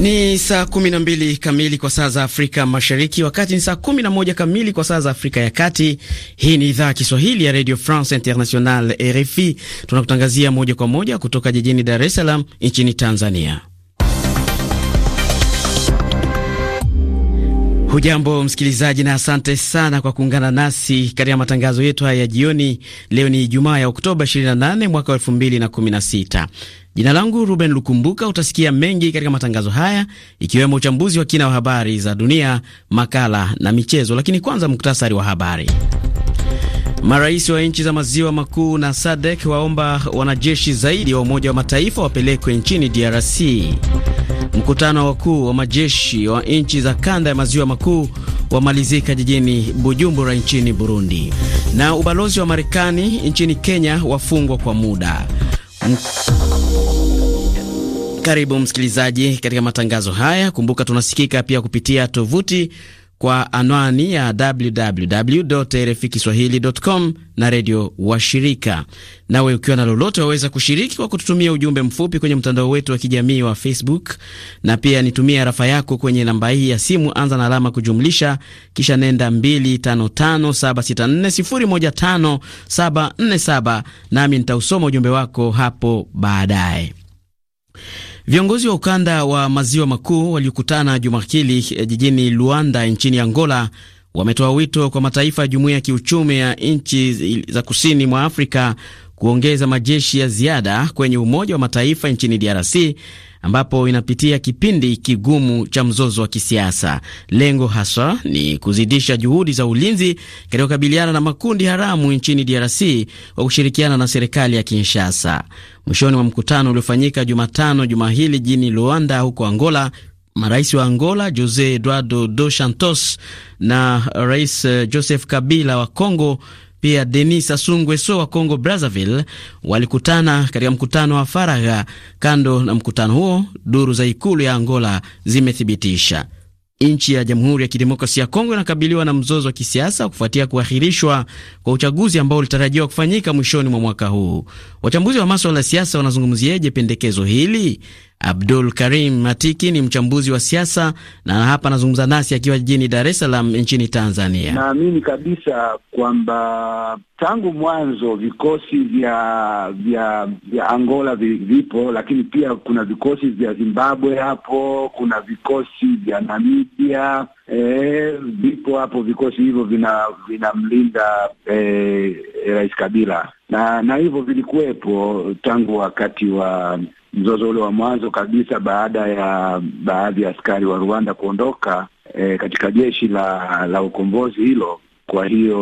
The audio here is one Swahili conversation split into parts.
Ni saa 12 kamili kwa saa za Afrika Mashariki, wakati ni saa 11 kamili kwa saa za Afrika ya Kati. Hii ni idhaa ya Kiswahili ya Radio France International, RFI. Tunakutangazia moja kwa moja kutoka jijini Dar es Salaam nchini Tanzania. Hujambo msikilizaji, na asante sana kwa kuungana nasi katika matangazo yetu haya ya jioni. Leo ni Ijumaa ya Oktoba 28 mwaka 2016. Jina langu Ruben Lukumbuka. Utasikia mengi katika matangazo haya, ikiwemo uchambuzi wa kina wa habari za dunia, makala na michezo, lakini kwanza muktasari wa habari. Marais wa nchi za maziwa makuu na sadek waomba wanajeshi zaidi wa Umoja wa Mataifa wapelekwe nchini DRC. Mkutano wakuu wa majeshi wa nchi za kanda ya maziwa makuu wamalizika jijini Bujumbura nchini Burundi. Na ubalozi wa Marekani nchini Kenya wafungwa kwa muda. Karibu msikilizaji katika matangazo haya. Kumbuka tunasikika pia kupitia tovuti kwa anwani ya www RFI kiswahilicom na redio washirika. Nawe ukiwa na lolote, waweza kushiriki kwa kututumia ujumbe mfupi kwenye mtandao wetu wa kijamii wa Facebook, na pia nitumie rafa yako kwenye namba hii ya simu, anza na alama kujumlisha, kisha nenda 255764015747, nami nitausoma ujumbe wako hapo baadaye. Viongozi wa ukanda wa maziwa makuu waliokutana juma hili eh, jijini Luanda nchini Angola wametoa wito kwa mataifa ya jumuiya ya kiuchumi ya nchi za kusini mwa Afrika kuongeza majeshi ya ziada kwenye Umoja wa Mataifa nchini DRC ambapo inapitia kipindi kigumu cha mzozo wa kisiasa. Lengo haswa ni kuzidisha juhudi za ulinzi katika kukabiliana na makundi haramu nchini DRC kwa kushirikiana na serikali ya Kinshasa. Mwishoni mwa mkutano uliofanyika Jumatano juma hili jijini Luanda huko Angola, Marais wa Angola Jose Eduardo dos Santos na Rais eh, Joseph Kabila wa Congo pia Denis Sassou Nguesso wa Congo Brazzaville walikutana katika mkutano wa faragha. Kando na mkutano huo, duru za ikulu ya Angola zimethibitisha nchi ya Jamhuri ya Kidemokrasia ya Kongo inakabiliwa na mzozo wa kisiasa kufuatia kuahirishwa kwa uchaguzi ambao ulitarajiwa kufanyika mwishoni mwa mwaka huu. Wachambuzi wa maswala ya siasa wanazungumziaje pendekezo hili? Abdul Karim Matiki ni mchambuzi wa siasa na hapa anazungumza nasi akiwa jijini Dar es Salaam nchini Tanzania. Naamini kabisa kwamba tangu mwanzo vikosi vya vya vya Angola vipo, lakini pia kuna vikosi vya Zimbabwe hapo, kuna vikosi vya Namibia eh, vipo e, hapo. Vikosi hivyo vinamlinda vina eh, e, Rais Kabila na na hivyo vilikuwepo tangu wakati wa mzozo ule wa mwanzo kabisa, baada ya baadhi ya askari wa Rwanda kuondoka e, katika jeshi la la ukombozi hilo. Kwa hiyo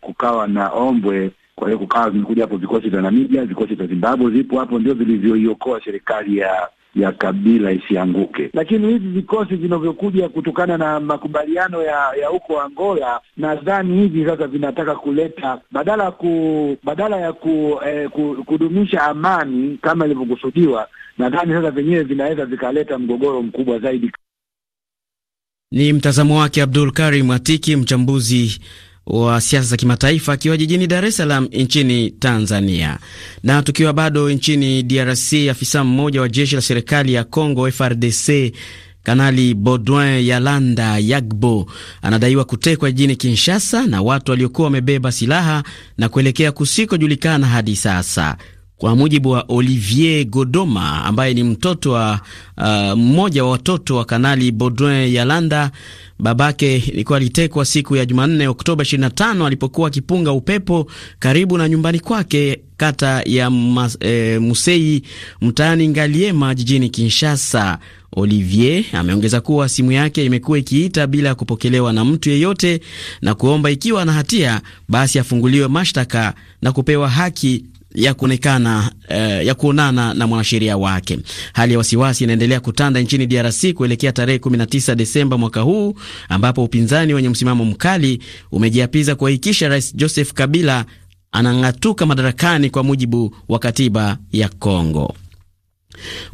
kukawa na ombwe, kwa hiyo kukawa vimekuja hapo vikosi vya Namibia, vikosi vya Zimbabwe, zipo hapo, ndio vilivyoiokoa serikali ya ya Kabila isianguke. Lakini hivi vikosi vinavyokuja kutokana na makubaliano ya huko Angola, nadhani hivi sasa vinataka kuleta badala ku badala ya ku, eh, ku, kudumisha amani kama ilivyokusudiwa, nadhani sasa vyenyewe vinaweza vikaleta mgogoro mkubwa zaidi. Ni mtazamo wake Abdul Karim Atiki, mchambuzi wa siasa za kimataifa akiwa jijini Dar es Salaam nchini Tanzania. Na tukiwa bado nchini DRC, afisa mmoja wa jeshi la serikali ya Congo FRDC Kanali Baudouin Yalanda Yagbo anadaiwa kutekwa jijini Kinshasa na watu waliokuwa wamebeba silaha na kuelekea kusikojulikana hadi sasa kwa mujibu wa Olivier Godoma ambaye ni mtoto wa uh, mmoja wa watoto wa Kanali Baudouin Yalanda. Babake ilikuwa alitekwa siku ya Jumanne, Oktoba 25 alipokuwa akipunga upepo karibu na nyumbani kwake kata ya mas, e, eh, Musei mtaani Ngaliema jijini Kinshasa. Olivier ameongeza kuwa simu yake imekuwa ikiita bila ya kupokelewa na mtu yeyote na kuomba ikiwa ana hatia basi afunguliwe mashtaka na kupewa haki ya kuonekana eh, ya kuonana na mwanasheria wake. Hali ya wasiwasi inaendelea kutanda nchini DRC kuelekea tarehe 19 Desemba mwaka huu ambapo upinzani wenye msimamo mkali umejiapiza kuhakikisha Rais Joseph Kabila anang'atuka madarakani kwa mujibu wa katiba ya Kongo.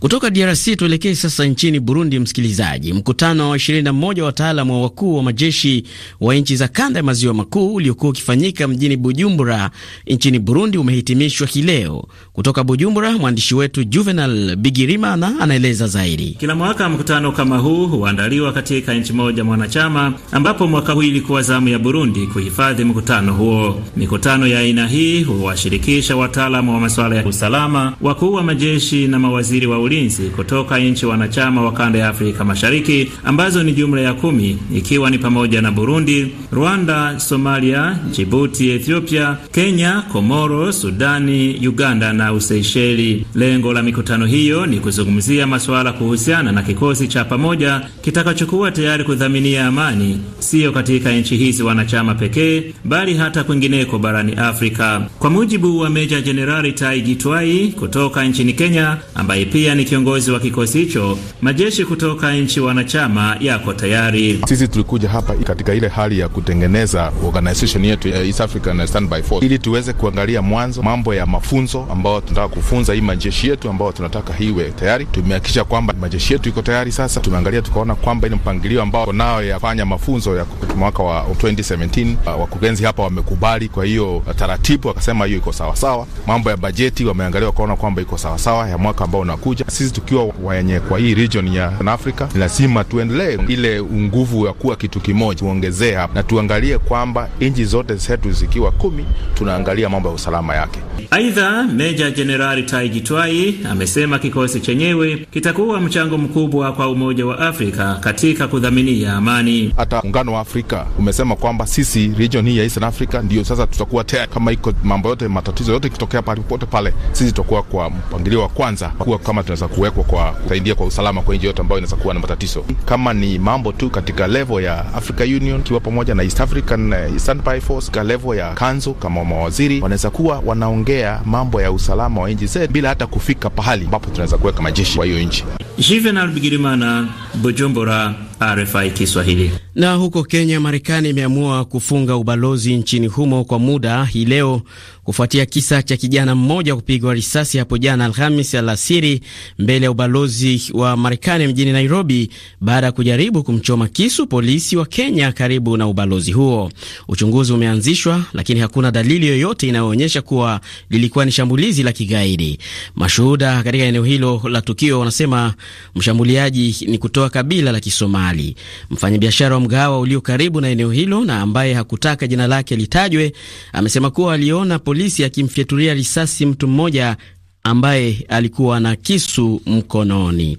Kutoka DRC tuelekee sasa nchini Burundi, msikilizaji. Mkutano wa 21 wataalamu wakuu wa majeshi wa nchi za kanda ya maziwa makuu uliokuwa ukifanyika mjini Bujumbura nchini Burundi umehitimishwa leo Kutoka Bujumbura, mwandishi wetu Juvenal Bigirimana anaeleza zaidi. Kila mwaka mkutano kama huu huandaliwa katika nchi moja mwanachama, ambapo mwaka huu ilikuwa zamu ya Burundi kuhifadhi mkutano huo. Mikutano ya aina hii huwashirikisha wataalamu wa masuala ya usalama, wakuu wa majeshi na mawazi mawaziri wa ulinzi kutoka nchi wanachama wa kanda ya Afrika Mashariki ambazo ni jumla ya kumi ikiwa ni pamoja na Burundi, Rwanda, Somalia, Djibouti, Ethiopia, Kenya, Komoro, Sudani, Uganda na Useisheli. Lengo la mikutano hiyo ni kuzungumzia masuala kuhusiana na kikosi cha pamoja kitakachokuwa tayari kudhaminia amani siyo katika nchi hizi wanachama pekee bali hata kwingineko barani Afrika. Kwa mujibu wa Meja Jenerali Tai Gitwai kutoka nchini Kenya ambaye ambaye pia ni kiongozi wa kikosi hicho, majeshi kutoka nchi wanachama yako tayari. Sisi tulikuja hapa katika ile hali ya kutengeneza organization yetu ya East African Standby Force ili tuweze kuangalia mwanzo mambo ya mafunzo ambayo tunataka kufunza hii majeshi yetu ambayo tunataka hiwe tayari. Tumehakikisha kwamba majeshi yetu iko tayari. Sasa tumeangalia tukaona kwamba ile mpangilio ambao nao yafanya mafunzo ya mwaka wa 2017 uh, wakurugenzi hapa wamekubali. Kwa hiyo uh, taratibu, wakasema hiyo iko sawasawa. Mambo ya bajeti wameangalia wakaona kwamba iko sawasawa ya mwaka ambao unakuja. Sisi tukiwa wenye kwa hii region ya Afrika lazima tuendelee ile nguvu ya kuwa kitu kimoja, tuongezee hapa na tuangalie kwamba nchi zote zetu zikiwa kumi, tunaangalia mambo ya usalama yake. Aidha, Meja Jenerali Taiji Twai amesema kikosi chenyewe kitakuwa mchango mkubwa kwa Umoja wa Afrika katika kudhaminia amani. Hata Muungano wa Afrika umesema kwamba sisi region hii ya East Africa ndiyo sasa tutakuwa tayari, kama iko mambo yote matatizo yote ikitokea pale popote pale, sisi tutakuwa kwa mpangilio wa kwanza kwa kama tunaweza kuwekwa kwa kusaidia kwa usalama kwa nchi yote ambayo inaweza kuwa na matatizo. Kama ni mambo tu katika level ya africa Union ikiwa pamoja na East African eh, Standby Force, ka level ya kanzu, kama mawaziri wanaweza kuwa wanaongea mambo ya usalama wa nchi zetu bila hata kufika pahali ambapo tunaweza kuweka majeshi kwa hiyo nchi. Juvenal Bigirimana, Bujumbura, RFI Kiswahili. Na huko Kenya, Marekani imeamua kufunga ubalozi nchini humo kwa muda hii leo kufuatia kisa cha kijana mmoja kupigwa risasi hapo jana Alhamis alasiri mbele ya ubalozi wa Marekani mjini Nairobi baada ya kujaribu kumchoma kisu polisi wa Kenya karibu na ubalozi huo. Uchunguzi umeanzishwa, lakini hakuna dalili yoyote inayoonyesha kuwa lilikuwa ni shambulizi la kigaidi. Mashuhuda katika eneo hilo la tukio wanasema mshambuliaji ni kutoka kabila la Kisomali. Mfanyabiashara wa mgahawa ulio karibu na eneo hilo na ambaye hakutaka jina lake litajwe, amesema kuwa aliona polisi akimfyatulia risasi mtu mmoja ambaye alikuwa na kisu mkononi.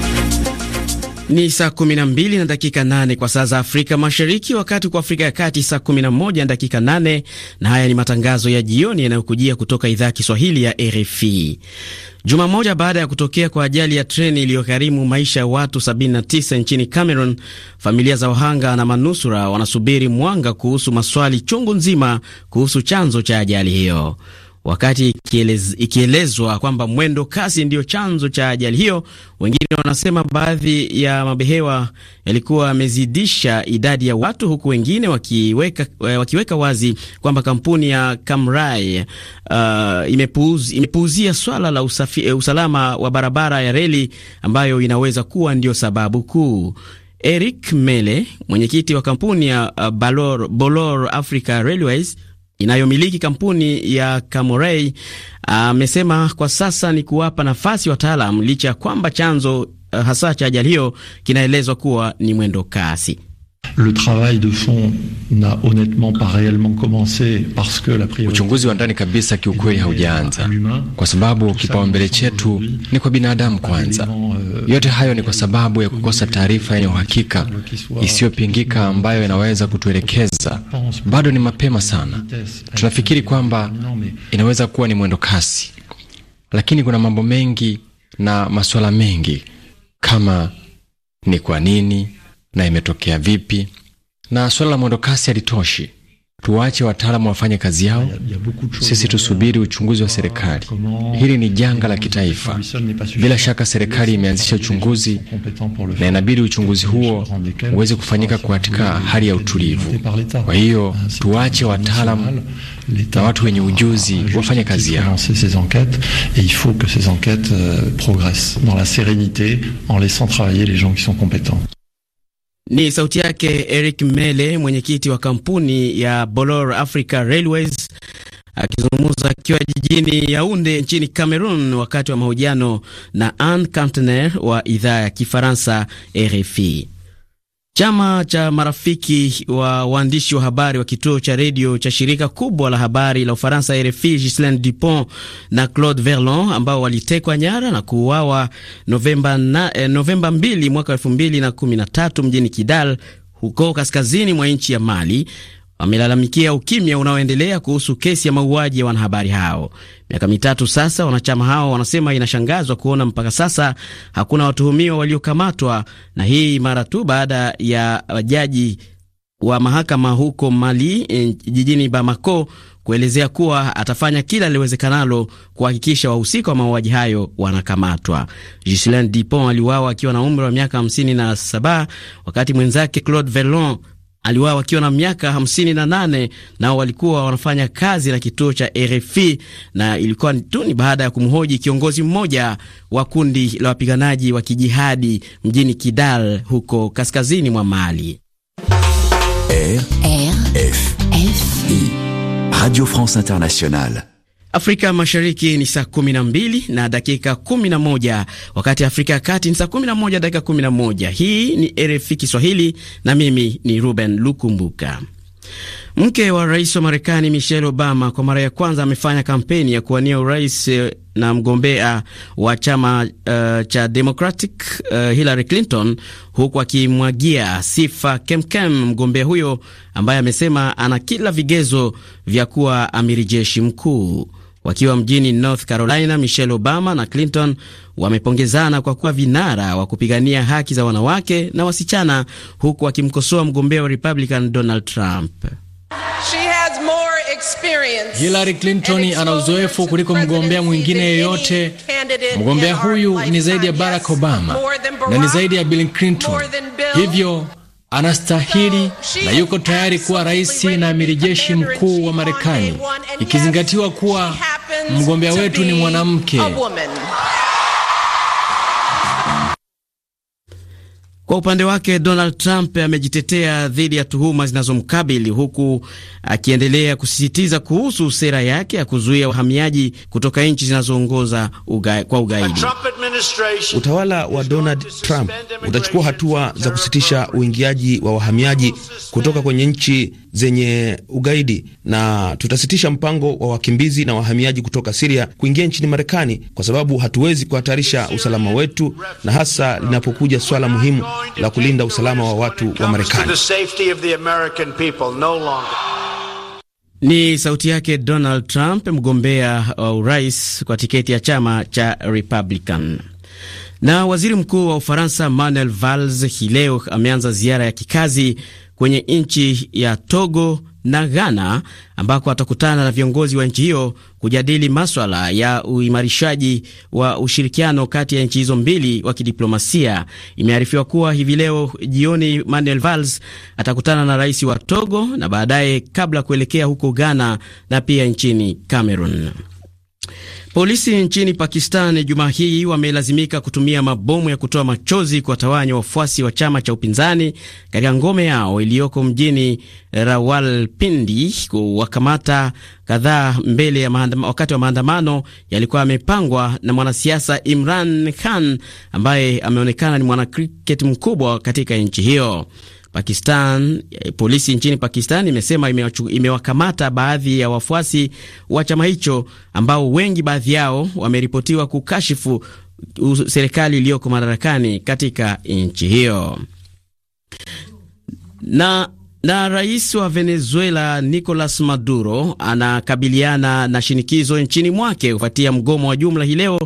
Ni saa 12 na dakika 8 kwa saa za Afrika Mashariki, wakati kwa Afrika ya Kati saa 11 na dakika 8. Na haya ni matangazo ya jioni yanayokujia kutoka idhaa ya Kiswahili ya RFI. Juma moja baada ya kutokea kwa ajali ya treni iliyogharimu maisha ya watu 79 nchini Cameroon, familia za wahanga na manusura wanasubiri mwanga kuhusu maswali chungu nzima kuhusu chanzo cha ajali hiyo wakati ikielez, ikielezwa kwamba mwendo kasi ndiyo chanzo cha ajali hiyo. Wengine wanasema baadhi ya mabehewa yalikuwa yamezidisha idadi ya watu, huku wengine wakiweka, eh, wakiweka wazi kwamba kampuni ya Kamrai uh, imepuuzia swala la usafi, eh, usalama wa barabara ya reli ambayo inaweza kuwa ndiyo sababu kuu. Eric Mele, mwenyekiti wa kampuni ya uh, Bolor Africa Railways inayomiliki kampuni ya Camorey amesema kwa sasa ni kuwapa nafasi wataalam licha ya kwamba chanzo eh, hasa cha ajali hiyo kinaelezwa kuwa ni mwendo kasi. Uchunguzi wa ndani kabisa kiukweli haujaanza, kwa sababu kipaumbele chetu ni kwa binadamu kwanza. Euh, Yote hayo ni kwa sababu ya kukosa taarifa yenye uhakika isiyopingika ambayo inaweza kutuelekeza. Bado ni mapema sana. Tunafikiri kwamba inaweza kuwa ni mwendo kasi, lakini kuna mambo mengi na masuala mengi kama ni kwa nini na imetokea vipi, na swala la mwendokasi halitoshi. Tuwache wataalamu wafanye kazi yao, sisi tusubiri uchunguzi wa serikali. Hili ni janga la kitaifa. Bila shaka, serikali imeanzisha uchunguzi na inabidi uchunguzi huo uweze kufanyika katika hali ya utulivu. Kwa hiyo tuwache wataalamu na watu wenye ujuzi wafanye kazi yao. Ni sauti yake Eric Mele, mwenyekiti wa kampuni ya Bolor Africa Railways akizungumza akiwa jijini Yaunde nchini Cameroon wakati wa mahojiano na Anne Cantner wa idhaa ya Kifaransa RFI. Chama cha marafiki wa waandishi wa habari wa kituo cha redio cha shirika kubwa la habari la Ufaransa RFI, Ghislain Dupont na Claude Verlon ambao walitekwa nyara na kuuawa Novemba, eh, Novemba 2 mwaka 2013 mjini Kidal huko kaskazini mwa nchi ya Mali wamelalamikia ukimya unaoendelea kuhusu kesi ya mauaji ya wanahabari hao. Miaka mitatu sasa, wanachama hao wanasema inashangazwa kuona mpaka sasa hakuna watuhumiwa waliokamatwa, na hii mara tu baada ya jaji wa mahakama huko Mali e, jijini Bamako kuelezea kuwa atafanya kila aliwezekanalo kuhakikisha wahusika wa mauaji hayo wanakamatwa. Ghislain Dupont aliuawa akiwa na umri wa miaka 57 wakati mwenzake Claude Verlon aliuawa wakiwa na miaka 58 nao walikuwa wanafanya kazi na kituo cha RFI na ilikuwa tu ni baada ya kumhoji kiongozi mmoja wa kundi la wapiganaji wa kijihadi mjini Kidal huko kaskazini mwa Mali. Radio France Internationale Afrika Mashariki ni saa 12 na dakika moja wakati Afrika ya Kati ni saa moja dakika moja Hii ni RFI Kiswahili na mimi ni Ruben Lukumbuka. Mke wa rais wa Marekani Michelle Obama kwa mara ya kwanza amefanya kampeni ya kuwania urais eh, na mgombea wa chama uh, cha Democratic uh, Hillary Clinton, huku akimwagia sifa kemkem mgombea huyo ambaye amesema ana kila vigezo vya kuwa amiri jeshi mkuu. Wakiwa mjini North Carolina, Michelle Obama na Clinton wamepongezana kwa kuwa vinara wa kupigania haki za wanawake na wasichana, huku wakimkosoa mgombea wa Republican Donald Trump. Hillary Clinton ana uzoefu kuliko mgombea mwingine yeyote. Mgombea huyu ni zaidi ya Barack Obama na ni zaidi ya Bill Clinton, hivyo anastahili na yuko tayari kuwa rais na amiri jeshi mkuu wa Marekani, ikizingatiwa kuwa mgombea wetu ni mwanamke. Kwa upande wake Donald Trump amejitetea dhidi ya tuhuma zinazomkabili huku akiendelea kusisitiza kuhusu sera yake ya kuzuia wahamiaji kutoka nchi zinazoongoza uga, kwa ugaidi. Utawala wa Donald Trump utachukua hatua za kusitisha uingiaji wa wahamiaji kutoka kwenye nchi zenye ugaidi, na tutasitisha mpango wa wakimbizi na wahamiaji kutoka Siria kuingia nchini Marekani, kwa sababu hatuwezi kuhatarisha usalama wetu, na hasa linapokuja swala muhimu la kulinda usalama wa watu wa Marekani. Ni sauti yake Donald Trump, mgombea wa urais kwa tiketi ya chama cha Republican. Na waziri mkuu wa Ufaransa Manuel Valls hii leo ameanza ziara ya kikazi kwenye nchi ya Togo na Ghana ambako atakutana na viongozi wa nchi hiyo kujadili maswala ya uimarishaji wa ushirikiano kati ya nchi hizo mbili wa kidiplomasia. Imearifiwa kuwa hivi leo jioni Manuel Valls atakutana na rais wa Togo na baadaye kabla kuelekea huko Ghana na pia nchini Cameroon. Polisi nchini Pakistan Jumaa hii wamelazimika kutumia mabomu ya kutoa machozi kuwatawanya wafuasi wa chama cha upinzani katika ngome yao iliyoko mjini Rawalpindi, kuwakamata kadhaa mbele ya maandama, wakati wa maandamano yalikuwa yamepangwa na mwanasiasa Imran Khan ambaye ameonekana ni mwanakriket mkubwa katika nchi hiyo. Pakistan, eh, polisi nchini Pakistan imesema imewakamata baadhi ya wafuasi wa chama hicho ambao wengi baadhi yao wameripotiwa kukashifu serikali iliyoko madarakani katika nchi hiyo na na rais wa Venezuela Nicolas Maduro anakabiliana na shinikizo nchini mwake kufuatia mgomo wa jumla hii leo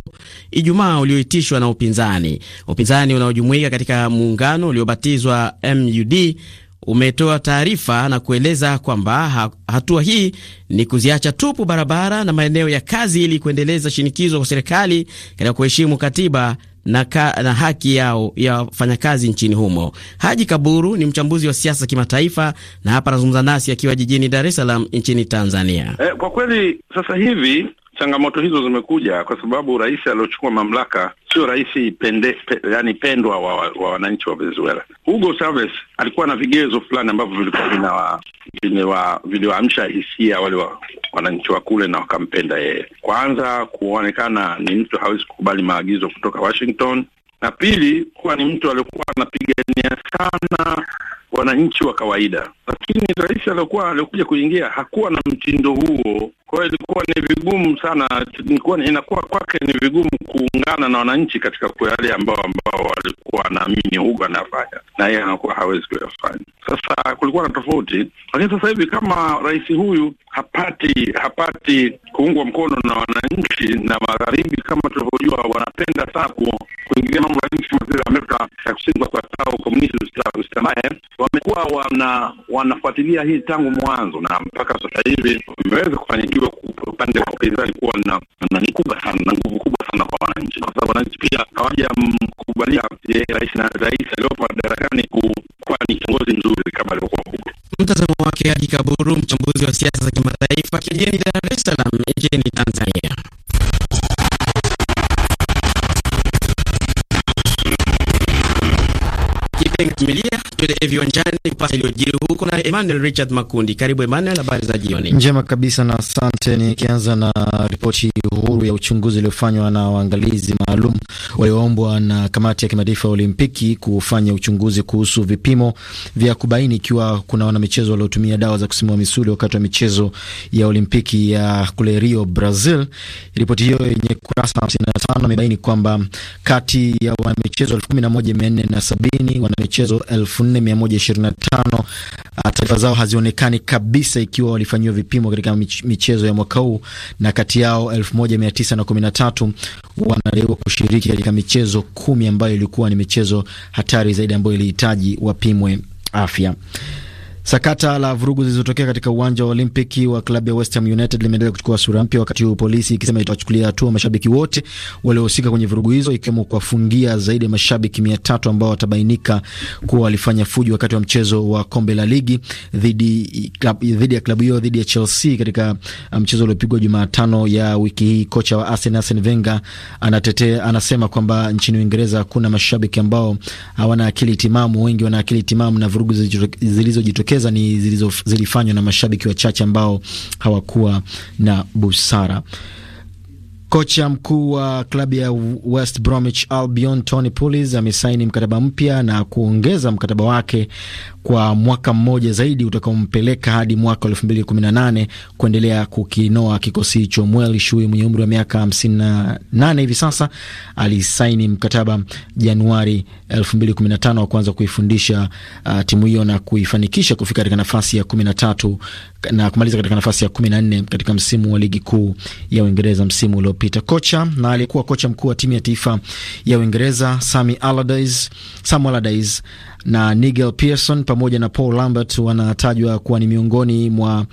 Ijumaa ulioitishwa na upinzani, upinzani unaojumuika katika muungano uliobatizwa MUD umetoa taarifa na kueleza kwamba hatua hii ni kuziacha tupu barabara na maeneo ya kazi ili kuendeleza shinikizo kwa serikali katika kuheshimu katiba na, ka, na haki yao ya wafanyakazi nchini humo. Haji Kaburu ni mchambuzi wa siasa kimataifa na hapa anazungumza nasi akiwa jijini Dar es Salaam nchini Tanzania. Eh, kwa kweli sasa hivi Changamoto hizo zimekuja kwa sababu rais aliochukua mamlaka sio rais pende, pe, yani pendwa wa wananchi wa Venezuela. Hugo Chavez alikuwa na vigezo fulani ambavyo vilikuwa vinawa viliwaamsha hisia wale wa wananchi wa kule na wakampenda yeye. Kwanza kuonekana ni mtu hawezi kukubali maagizo kutoka Washington, na pili kuwa ni mtu aliokuwa anapigania sana wananchi wa kawaida. Lakini rais aliokuwa aliokuja kuingia hakuwa na mtindo huo kwa hiyo ilikuwa ni vigumu sana, inakuwa kwake ni vigumu kuungana na wananchi katika yale ambao ambao walikuwa wanaamini Hugo anafanya na yeye anakuwa hawezi kuyafanya. Sasa kulikuwa na tofauti, lakini sasa hivi kama rais huyu hapati hapati kuungwa mkono na wananchi na magharibi, kama tulivyojua wanapenda sana kuingilia mambo ya nchi kama vile Amerika ya Kusini kwa kuwataka komunisti usitamae, wamekuwa wana wanafuatilia hii tangu mwanzo na mpaka sasa hivi wameweza kufanya ikiwa upande wa upinzani kuwa na, nani kubwa sana na nguvu kubwa sana kwa wananchi, kwa sababu wananchi pia hawajamkubalia yeye rais na rais aliyopo madarakani kuwa ni kiongozi mzuri kama alivyokuwa Bubu. Mtazamo wake Haji Kaburu, mchambuzi wa siasa za kimataifa, kijijini Dar es Salaam nchini Tanzania. Kipengele tuelekee viwanjani kupata iliyojiri huko na Emmanuel Richard Makundi. Karibu Emmanuel, habari za jioni. Njema kabisa na asante. Nikianza na ripoti huru ya uchunguzi iliyofanywa na waangalizi maalum walioombwa na kamati ya kimataifa ya Olimpiki kufanya uchunguzi kuhusu vipimo vya kubaini ikiwa kuna wanamichezo waliotumia dawa za kusimua misuli wakati wa michezo ya Olimpiki ya kule Rio, Brazil. Ripoti hiyo yenye kurasa 55 imebaini kwamba kati ya wanamichezo 11470 wanamichezo elfu 1400 tano ah, Taarifa zao hazionekani kabisa ikiwa walifanyiwa vipimo katika michezo ya mwaka huu, na kati yao 1913 wanadaiwa kushiriki katika michezo kumi ambayo ilikuwa ni michezo hatari zaidi ambayo ilihitaji wapimwe afya. Sakata la vurugu zilizotokea katika uwanja wa Olimpiki wa klabu ya West Ham United limeendelea kuchukua sura mpya, wakati huu polisi ikisema itawachukulia hatua mashabiki wote waliohusika kwenye vurugu hizo, ikiwemo kuwafungia zaidi ya mashabiki mia tatu ambao watabainika kuwa walifanya fujo wakati wa mchezo wa kombe la ligi dhidi, klab, dhidi ya klabu hiyo dhidi ya Chelsea katika um, mchezo uliopigwa Jumatano ya wiki hii. Kocha wa Arsenal Arsene Wenger anatetea, anasema kwamba nchini Uingereza hakuna mashabiki ambao hawana akili timamu, wengi wana akili timamu na vurugu zilizojitokea kucheza ni zilizo, zilifanywa na mashabiki wachache ambao hawakuwa na busara. Kocha mkuu wa klabu ya West Bromwich Albion Tony Pulis amesaini mkataba mpya na kuongeza mkataba wake kwa mwaka mmoja zaidi utakaompeleka hadi mwaka 2018 kuendelea kukinoa kikosi hicho. Mweli Shui mwenye umri wa miaka 58 hivi sasa alisaini mkataba Januari 2015 wa kuanza kuifundisha uh, timu hiyo na kuifanikisha kufika katika nafasi ya 13 na kumaliza katika nafasi ya 14 katika msimu wa ligi kuu ya Uingereza msimu uliopita. Kocha na aliyekuwa kocha mkuu wa timu ya taifa ya Uingereza Sami Allardyce, Sam Allardyce na Nigel Pearson pamoja na Paul Lambert wanatajwa kuwa ni miongoni mwa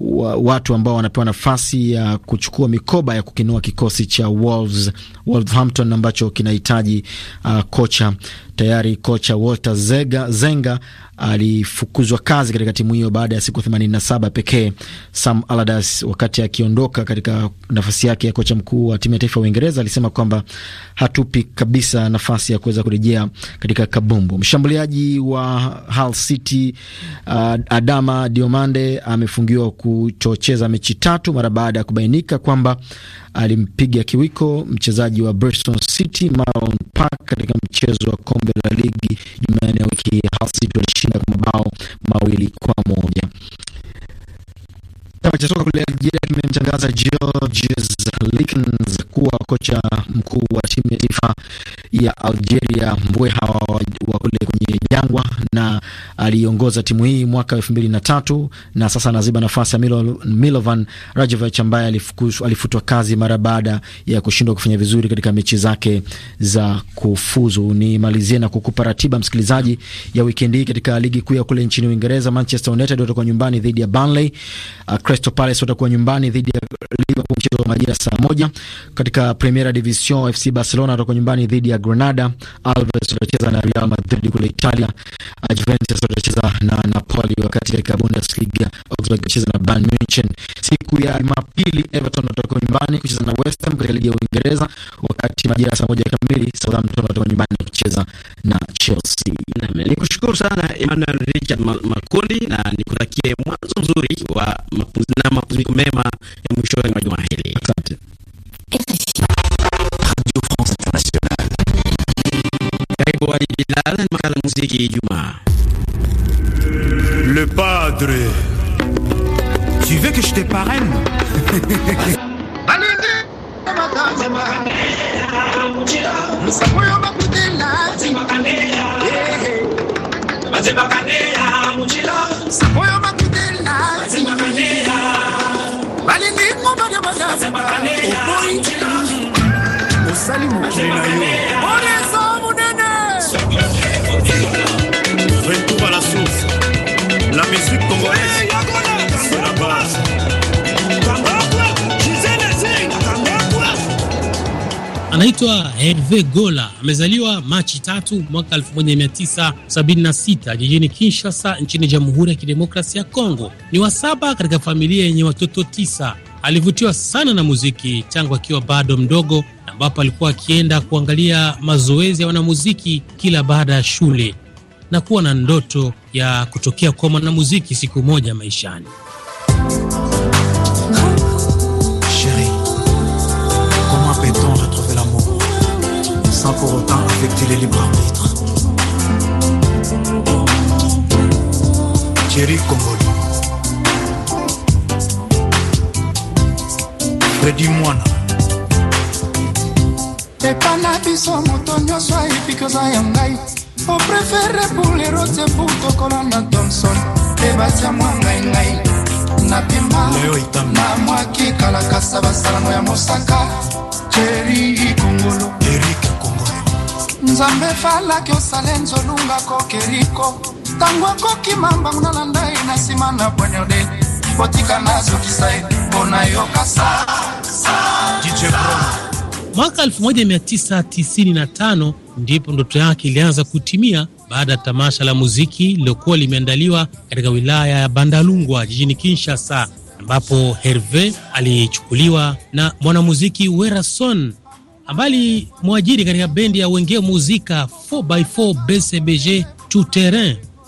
wa, watu ambao wanapewa nafasi ya kuchukua mikoba ya kukinua kikosi cha Wolves, Wolverhampton ambacho kinahitaji uh, kocha. Tayari kocha Walter Zega, Zenga alifukuzwa kazi katika timu hiyo baada ya siku 87 pekee. Sam Allardyce wakati akiondoka katika nafasi yake ya kocha mkuu wa timu ya taifa ya Uingereza alisema kwamba hatupi kabisa nafasi ya kuweza kurejea katika kabumbu. Mshambuliaji wa Hull City uh, Adama Diomande amefungiwa ku kuchocheza mechi tatu mara baada ya kubainika kwamba alimpiga kiwiko mchezaji wa Bristol City Marlon Park katika mchezo wa kombe la ligi Jumanne ya wiki hii. Hull City walishinda kwa mabao mawili kwa moja. Chama cha soka kule Algeria kimemtangaza Georges Likens kuwa kocha mkuu wa timu ya taifa ya Algeria, mbweha wa kule kwenye jangwa, na aliongoza timu hii mwaka elfu mbili na tatu na sasa anaziba nafasi ya Milo, Milovan Rajevic ambaye alifutwa kazi mara baada ya kushindwa kufanya vizuri katika mechi zake za kufuzu. Nimalizie na kukupa ratiba msikilizaji ya wikendi hii katika ligi kuu ya kule nchini Uingereza. Manchester United watakuwa nyumbani dhidi ya Burnley. Uh, Crystal Palace watakuwa nyumbani dhidi ya Liverpool mchezo wa majira saa moja. Katika Primera Division, FC Barcelona atakuwa nyumbani dhidi ya Granada, Alves watacheza na Real Madrid kule Italia, ah, Juventus watacheza na Napoli, wakati katika Bundesliga Augsburg watacheza na Bayern Munchen. Siku ya Jumapili, Everton watatoka nyumbani kucheza na West Ham katika ligi ya Uingereza, wakati majira saa moja kamili Southampton watatoka nyumbani kucheza na Chelsea. Ni kushukuru sana Emmanuel Richard Makundi na nikutakie mwanzo mzuri wa mapumziko mema ya mwisho Radio France Le Padre. Tu veux que je te parraine Anaitwa Herve Gola, amezaliwa Machi tatu mwaka 1976 jijini Kinshasa nchini Jamhuri ya Kidemokrasia ya Kongo. Ni wa saba katika familia yenye watoto tisa. Alivutiwa sana na muziki tangu akiwa bado mdogo, ambapo alikuwa akienda kuangalia mazoezi ya wanamuziki kila baada ya shule na kuwa na ndoto ya kutokea kuwa mwanamuziki siku moja maishani. fredi mwana epana biso moto nyonso ayebikasa ya ngai oprefere bulero te butokola na thomson mpe batya mwa ngai ngai napima na mwaki kalakasa basalango ya mosaka teri ikongolo nzambe fala osale nzolunga kokeriko ntango akoki mambango nalanda ye na de. Mwaka 1995 ndipo ndoto yake ilianza kutimia baada ya tamasha la muziki lililokuwa limeandaliwa katika wilaya ya Bandalungwa jijini Kinshasa, ambapo Herve alichukuliwa na mwanamuziki Werason ambaye alimwajiri katika bendi ya Wenge Muzika 4x4 BCBG Tout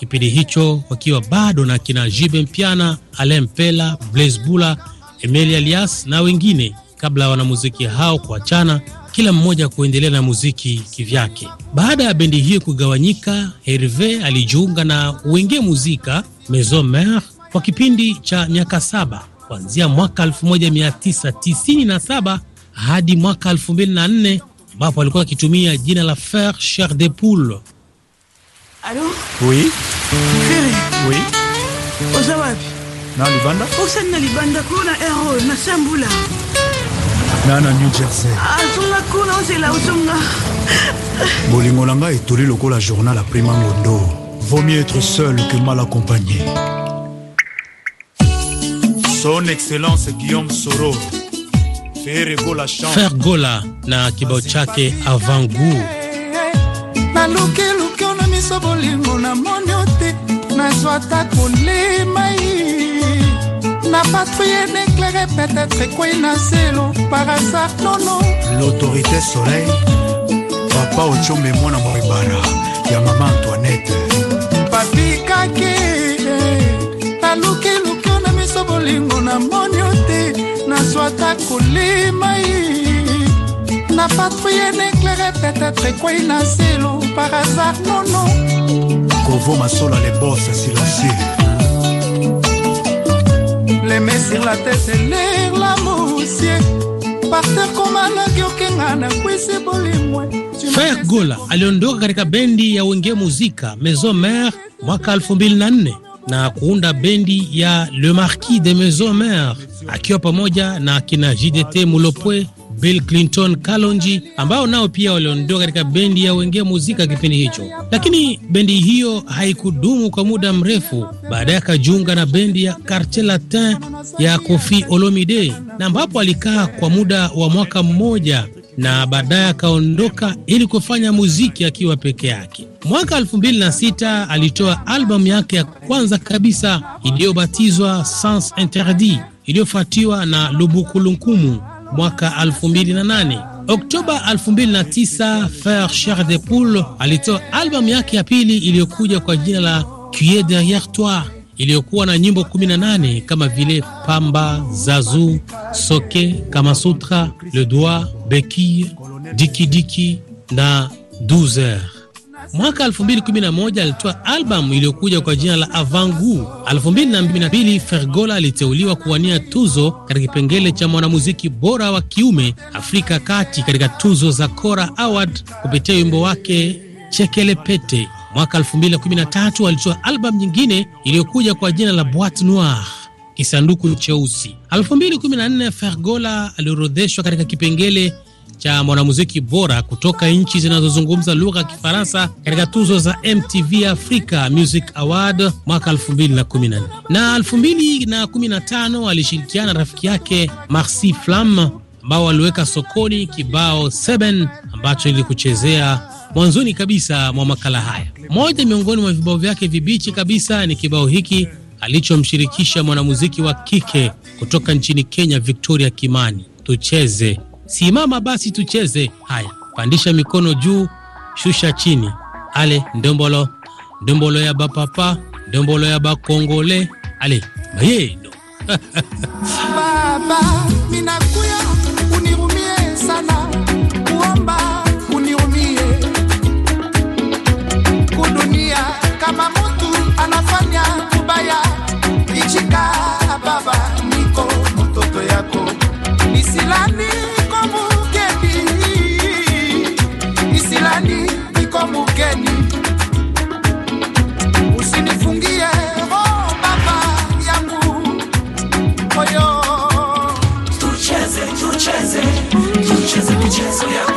kipindi hicho wakiwa bado na kina Jibe Mpiana, Alain Pela, Blaise Bula, Emeli Alias na wengine, kabla ya wanamuziki hao kuachana, kila mmoja kuendelea na muziki kivyake. Baada ya bendi hiyo kugawanyika, Herve alijiunga na Wenge Muzika Maison Mere kwa kipindi cha miaka saba kuanzia mwaka 1997 hadi mwaka 2004 ambapo alikuwa akitumia jina la Fer Cher de Poule Allô Oui. Fere. Oui. Oza wapi? Na Libanda. Oksa na Libanda kuna ero na Sambula. Na na New Jersey. Azonga ah, kuna ozela ozonga. Bolingo na ngai etoli lokola journal prima mondo. Vaut mieux être seul que mal accompagné. Son Excellence Guillaume Soro Fer Gola na kibao chake Avangu. Nalukilu soki ona miso bolingo namoni o te nazwa ta kolemai na patrouille n'éclairée peut-être quoi na zelo par hasard non non l'autorité soleil papa ochombe mwana moibara ya mama antoinette papi kake nalukiluki na miso bolingo na moni o te nazwa ta kolemai n'a pas prié n'éclairait peut-être quoi il a zélo par hasard non non Kovo Masolo les boss silencieux les mains sur la tête et l'air la moussier partir comme un agiokenga na kwisi bolimwe Frère Gola aliondoka katika bendi ya Wenge Muzika Maison Mère mwaka 2004 na kuunda bendi ya Le Marquis de Maison Mère akiwa pamoja na kina JDT Mulopwe Bill Clinton, Kalonji ambao nao pia waliondoka katika bendi ya Wengea Muzika kipindi hicho, lakini bendi hiyo haikudumu kwa muda mrefu. Baadaye akajiunga na bendi ya Quartier Latin ya Koffi Olomide na ambapo alikaa kwa muda wa mwaka mmoja na baadaye akaondoka ili kufanya muziki akiwa peke yake. Mwaka 2006 alitoa albamu yake ya kwanza kabisa iliyobatizwa Sans Interdit, iliyofuatiwa na Lubukulunkumu mwaka 2008. Oktoba 2009, Fer Cher de Poule alitoa albamu yake ya pili iliyokuja kwa jina la Cuie derrière toi iliyokuwa na nyimbo 18 kama vile Pamba, Zazu, Soke, Kamasutra, Le Doigt, Bekir, Dikidiki na 12 heures. Mwaka 2011 alitoa albamu iliyokuja kwa jina la Avangu. 2012 Fergola aliteuliwa kuwania tuzo katika kipengele cha mwanamuziki bora wa kiume Afrika Kati katika tuzo za Cora Award kupitia wimbo wake Chekelepete. Mwaka 2013 alitoa albamu nyingine iliyokuja kwa jina la Boîte Noire kisanduku cheusi. 2014 Fergola aliorodheshwa katika kipengele cha mwanamuziki bora kutoka nchi zinazozungumza lugha ya Kifaransa katika tuzo za MTV Africa Music Award mwaka 2014 na 2015. Alishirikiana na rafiki yake Marcy Flam ambao waliweka sokoni kibao 7 ambacho ilikuchezea mwanzoni kabisa mwa makala haya. Moja miongoni mwa vibao vyake vibichi kabisa ni kibao hiki alichomshirikisha mwanamuziki wa kike kutoka nchini Kenya Victoria Kimani, tucheze Simama basi tucheze. Haya, pandisha mikono juu, shusha chini. Ale ndombolo ndombolo ya bapapa ndombolo ya bakongole ale mayendo baba minakuya unirumie sana kuomba unirumie kudunia kama mutu anafanya kubaya ichika Yes, we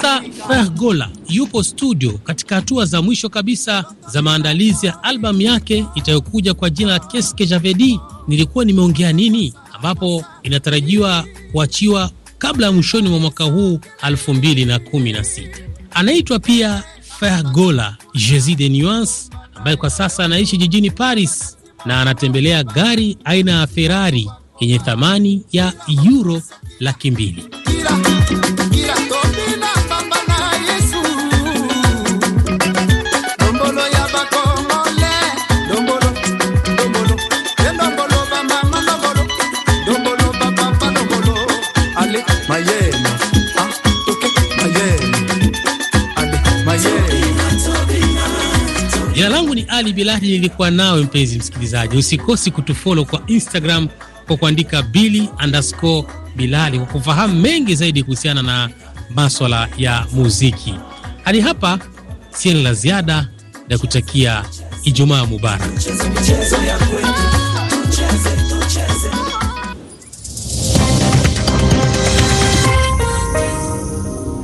Sasa Fergola yupo studio katika hatua za mwisho kabisa za maandalizi ya albamu yake itayokuja kwa jina la Keske Javedi, nilikuwa nimeongea nini, ambapo inatarajiwa kuachiwa kabla ya mwishoni mwa mwaka huu 2016. Anaitwa pia Fergola Jesi de Nuance ambaye kwa sasa anaishi jijini Paris na anatembelea gari aina ya Ferrari yenye thamani ya euro laki mbili. ni Ali Biladi, nilikuwa nawe mpenzi msikilizaji. Usikosi kutufolo kwa Instagram kwa kuandika Bili underscore Bilali kwa kufahamu mengi zaidi kuhusiana na maswala ya muziki. Hadi hapa sieni la ziada na kutakia Ijumaa mubarak.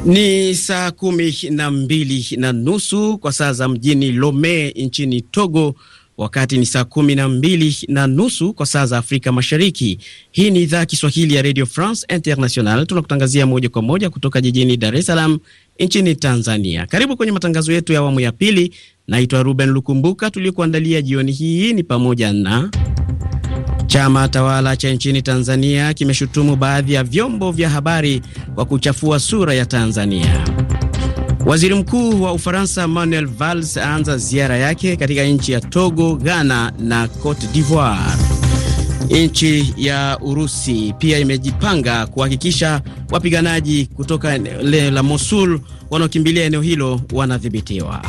Ni saa kumi na mbili na nusu kwa saa za mjini Lome nchini Togo, wakati ni saa kumi na mbili na nusu kwa saa za Afrika Mashariki. Hii ni idhaa Kiswahili ya Radio France International, tunakutangazia moja kwa moja kutoka jijini Dar es Salaam nchini Tanzania. Karibu kwenye matangazo yetu ya awamu ya pili. Naitwa Ruben Lukumbuka. Tuliokuandalia jioni hii ni pamoja na Chama tawala cha nchini Tanzania kimeshutumu baadhi ya vyombo vya habari kwa kuchafua sura ya Tanzania. Waziri Mkuu wa Ufaransa Manuel Valls aanza ziara yake katika nchi ya Togo, Ghana na Cote d'Ivoire. Nchi ya Urusi pia imejipanga kuhakikisha wapiganaji kutoka eneo la Mosul wanaokimbilia eneo hilo wanadhibitiwa.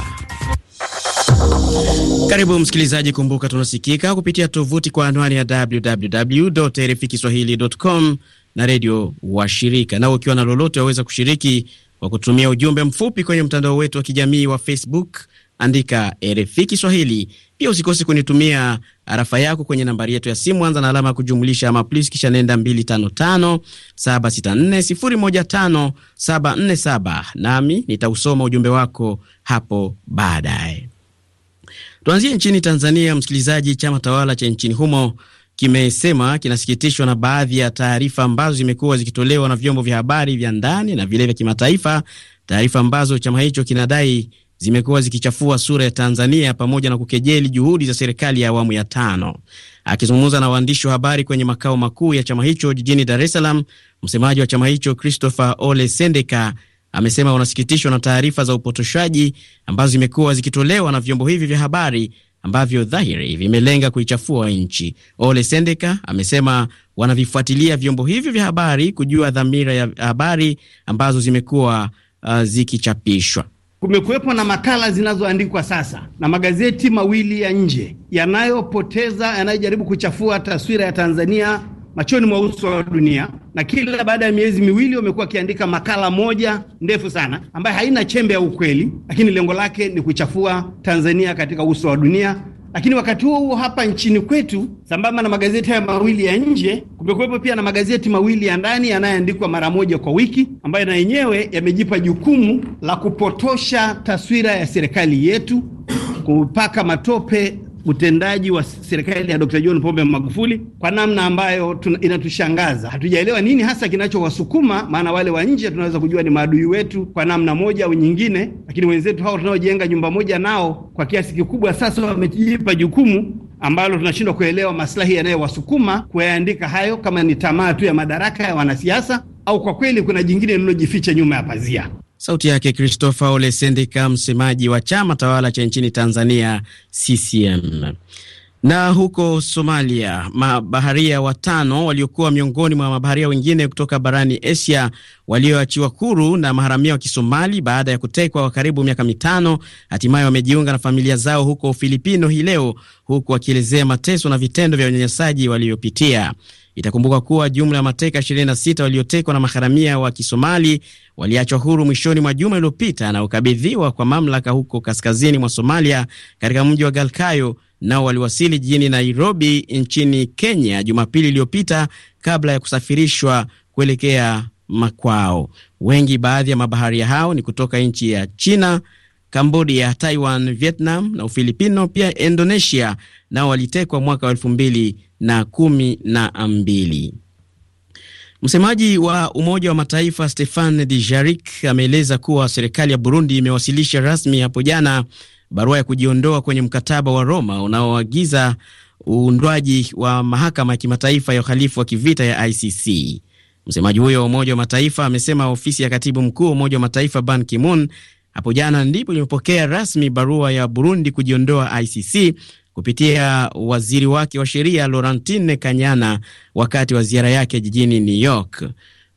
Karibu msikilizaji, kumbuka tunasikika kupitia tovuti kwa anwani ya www.rfikiswahili.com na redio wa shirika Nao ukiwa na lolote, waweza kushiriki kwa kutumia ujumbe mfupi kwenye mtandao wetu wa kijamii wa Facebook, andika rf Kiswahili. Pia usikose kunitumia arafa yako kwenye nambari yetu ya simu, anza na alama ya kujumlisha ama plus, kisha nenda 255 nami nitausoma ujumbe wako hapo baadaye. Tuanzie nchini Tanzania, msikilizaji. Chama tawala cha nchini humo kimesema kinasikitishwa na baadhi ya taarifa ambazo zimekuwa zikitolewa na vyombo vya habari vya ndani na vile vya kimataifa, taarifa ambazo chama hicho kinadai zimekuwa zikichafua sura ya Tanzania pamoja na kukejeli juhudi za serikali ya awamu ya tano. Akizungumza na waandishi wa habari kwenye makao makuu ya chama hicho jijini Dar es Salaam, msemaji wa chama hicho Christopher Ole Sendeka amesema wanasikitishwa na taarifa za upotoshaji ambazo zimekuwa zikitolewa na vyombo hivi vya habari ambavyo dhahiri vimelenga kuichafua nchi. Ole Sendeka amesema wanavifuatilia vyombo hivyo vya habari kujua dhamira ya habari ambazo zimekuwa uh, zikichapishwa. Kumekuwepo na makala zinazoandikwa sasa na magazeti mawili ya nje yanayopoteza, yanayojaribu kuchafua taswira ya Tanzania machoni mwa uso wa dunia, na kila baada ya miezi miwili wamekuwa wakiandika makala moja ndefu sana ambayo haina chembe ya ukweli, lakini lengo lake ni kuchafua Tanzania katika uso wa dunia. Lakini wakati huo huo hapa nchini kwetu, sambamba na magazeti haya mawili ya nje, kumekuwepo pia na magazeti mawili ya ndani yanayoandikwa mara moja kwa wiki, ambayo na yenyewe yamejipa jukumu la kupotosha taswira ya serikali yetu, kupaka matope utendaji wa serikali ya Dr. John Pombe Magufuli kwa namna ambayo tuna, inatushangaza. Hatujaelewa nini hasa kinachowasukuma, maana wale wa nje tunaweza kujua ni maadui wetu kwa namna moja au nyingine, lakini wenzetu hao tunaojenga nyumba moja nao kwa kiasi kikubwa sasa wamejipa jukumu ambalo tunashindwa kuelewa maslahi yanayowasukuma kuyaandika hayo, kama ni tamaa tu ya madaraka ya wanasiasa au kwa kweli kuna jingine lililojificha nyuma ya pazia. Sauti yake Christopher Ole Sendika, msemaji wa chama tawala cha nchini Tanzania, CCM. Na huko Somalia, mabaharia watano waliokuwa miongoni mwa mabaharia wengine kutoka barani Asia walioachiwa huru na maharamia wa Kisomali baada ya kutekwa kwa karibu miaka mitano, hatimaye wamejiunga na familia zao huko Ufilipino hii leo, huku wakielezea mateso na vitendo vya unyanyasaji waliyopitia. Itakumbuka kuwa jumla ya mateka 26 waliotekwa na maharamia wa Kisomali waliachwa huru mwishoni mwa juma iliyopita na ukabidhiwa kwa mamlaka huko kaskazini mwa Somalia katika mji wa Galkayo, nao waliwasili jijini Nairobi nchini Kenya Jumapili iliyopita kabla ya kusafirishwa kuelekea makwao. Wengi baadhi ya mabaharia hao ni kutoka nchi ya China, Kambodia, Taiwan, Vietnam na Ufilipino. Pia Indonesia nao walitekwa mwaka wa elfu mbili na kumi na mbili. Msemaji wa Umoja wa Mataifa Stefan Dijarik ameeleza kuwa serikali ya Burundi imewasilisha rasmi hapo jana barua ya kujiondoa kwenye mkataba wa Roma unaoagiza uundwaji wa mahakama ya kimataifa ya uhalifu wa kivita ya ICC. Msemaji huyo wa Umoja wa Mataifa amesema ofisi ya katibu mkuu wa Umoja wa Mataifa Ban Ki-moon hapo jana ndipo limepokea rasmi barua ya Burundi kujiondoa ICC kupitia waziri wake wa sheria Laurentine Kanyana wakati wa ziara yake jijini New York.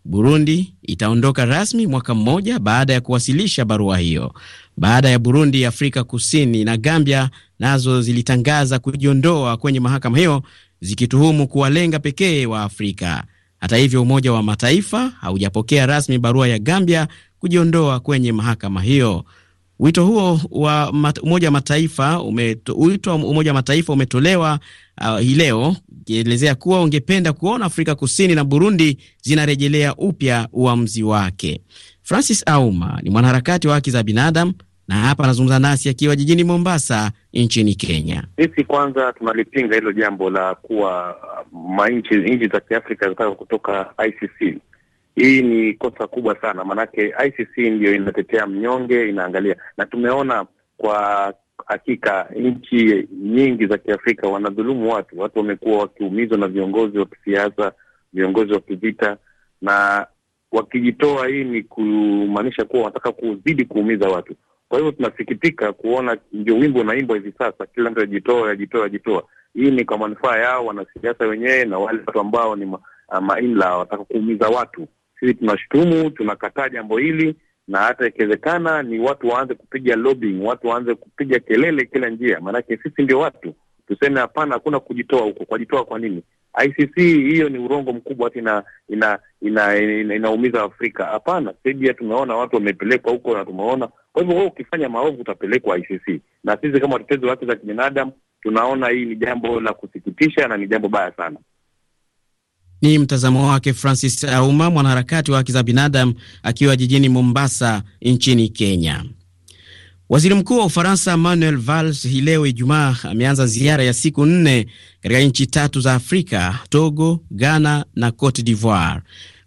Burundi itaondoka rasmi mwaka mmoja baada ya kuwasilisha barua hiyo. Baada ya Burundi, Afrika Kusini na Gambia nazo zilitangaza kujiondoa kwenye mahakama hiyo zikituhumu kuwalenga pekee wa Afrika. Hata hivyo, Umoja wa Mataifa haujapokea rasmi barua ya Gambia kujiondoa kwenye mahakama hiyo. Wito huo wa mat, Umoja wa Mataifa wito wa Umoja wa Mataifa umetolewa uh, hii leo ukielezea kuwa ungependa kuona Afrika Kusini na Burundi zinarejelea upya uamuzi wake. Francis Auma ni mwanaharakati wa haki za binadamu na hapa anazungumza nasi akiwa jijini Mombasa nchini Kenya. Sisi kwanza tunalipinga hilo jambo la kuwa nchi za Kiafrika zinataka kutoka ICC hii ni kosa kubwa sana, maanake ICC ndio inatetea mnyonge, inaangalia na tumeona kwa hakika nchi nyingi za Kiafrika wanadhulumu watu. Watu wamekuwa wakiumizwa na viongozi wa kisiasa, viongozi wa kivita, na wakijitoa, hii ni kumaanisha kuwa wanataka kuzidi kuumiza watu. Kwa hivyo tunasikitika kuona ndio wimbo unaimbwa hivi sasa, kila mtu ajitoa, ajitoa, ajitoa. Hii ni kwa manufaa yao wanasiasa wenyewe na wale watu ambao ni ma, ah, wanataka kuumiza watu sisi tunashutumu, tunakataa jambo hili, na hata ikiwezekana ni watu waanze kupiga lobbying, watu waanze kupiga kelele kila njia, maanake sisi ndio watu tuseme hapana, hakuna kujitoa huko. Kwajitoa kwa nini? ICC hiyo ni urongo mkubwa, hata ina inaumiza ina, ina, ina, ina Afrika. Hapana, Serbia tumeona watu wamepelekwa huko na tumeona. Kwa hivyo wewe ukifanya maovu utapelekwa ICC, na sisi kama watetezi wa haki za kibinadamu tunaona hii ni jambo la kusikitisha na ni jambo baya sana. Ni mtazamo wake Francis Auma, mwanaharakati wa haki za binadamu akiwa jijini Mombasa nchini Kenya. Waziri mkuu wa Ufaransa Manuel Valls hii leo Ijumaa ameanza ziara ya siku nne katika nchi tatu za Afrika, Togo, Ghana na Cote d'Ivoire.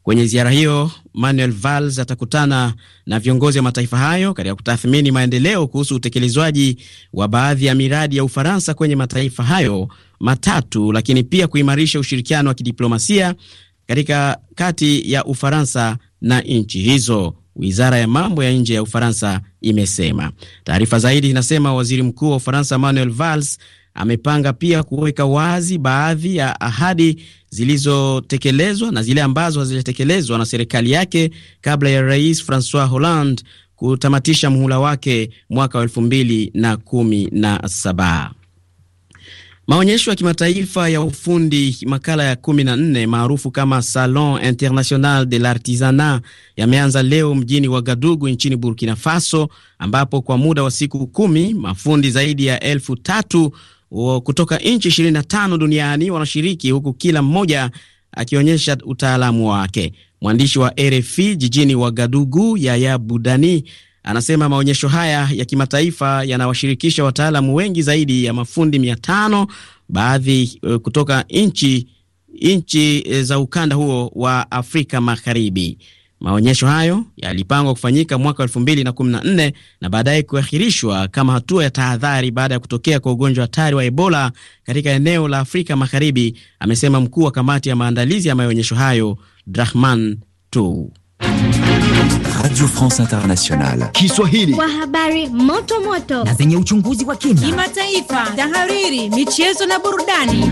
Kwenye ziara hiyo, Manuel Valls atakutana na viongozi wa mataifa hayo katika kutathmini maendeleo kuhusu utekelezwaji wa baadhi ya miradi ya Ufaransa kwenye mataifa hayo matatu, lakini pia kuimarisha ushirikiano wa kidiplomasia katika kati ya Ufaransa na nchi hizo. Wizara ya mambo ya nje ya Ufaransa imesema. Taarifa zaidi inasema waziri mkuu wa Ufaransa Manuel Valls amepanga pia kuweka wazi baadhi ya ahadi zilizotekelezwa na zile ambazo hazijatekelezwa na serikali yake kabla ya Rais Francois Hollande kutamatisha muhula wake mwaka wa elfu mbili na kumi na saba. Maonyesho ya kimataifa ya ufundi makala ya 14 maarufu kama Salon International de l'Artisanat yameanza leo mjini Wagadugu nchini Burkina Faso, ambapo kwa muda wa siku kumi mafundi zaidi ya elfu tatu kutoka nchi 25 duniani wanashiriki huku kila mmoja akionyesha utaalamu wake. Mwandishi wa RFI jijini Wagadugu, Yaya Budani, anasema maonyesho haya ya kimataifa yanawashirikisha wataalamu wengi zaidi ya mafundi mia tano, baadhi e, kutoka nchi nchi e, za ukanda huo wa Afrika Magharibi. Maonyesho hayo yalipangwa kufanyika mwaka 2014 na baadaye kuahirishwa kama hatua ya tahadhari baada ya kutokea kwa ugonjwa hatari wa Ebola katika eneo la Afrika Magharibi, amesema mkuu wa kamati ya maandalizi ya maonyesho hayo Drahman Tou. Radio France Internationale Kiswahili, kwa habari moto moto na zenye uchunguzi wa kina, kimataifa, tahariri, michezo na burudani.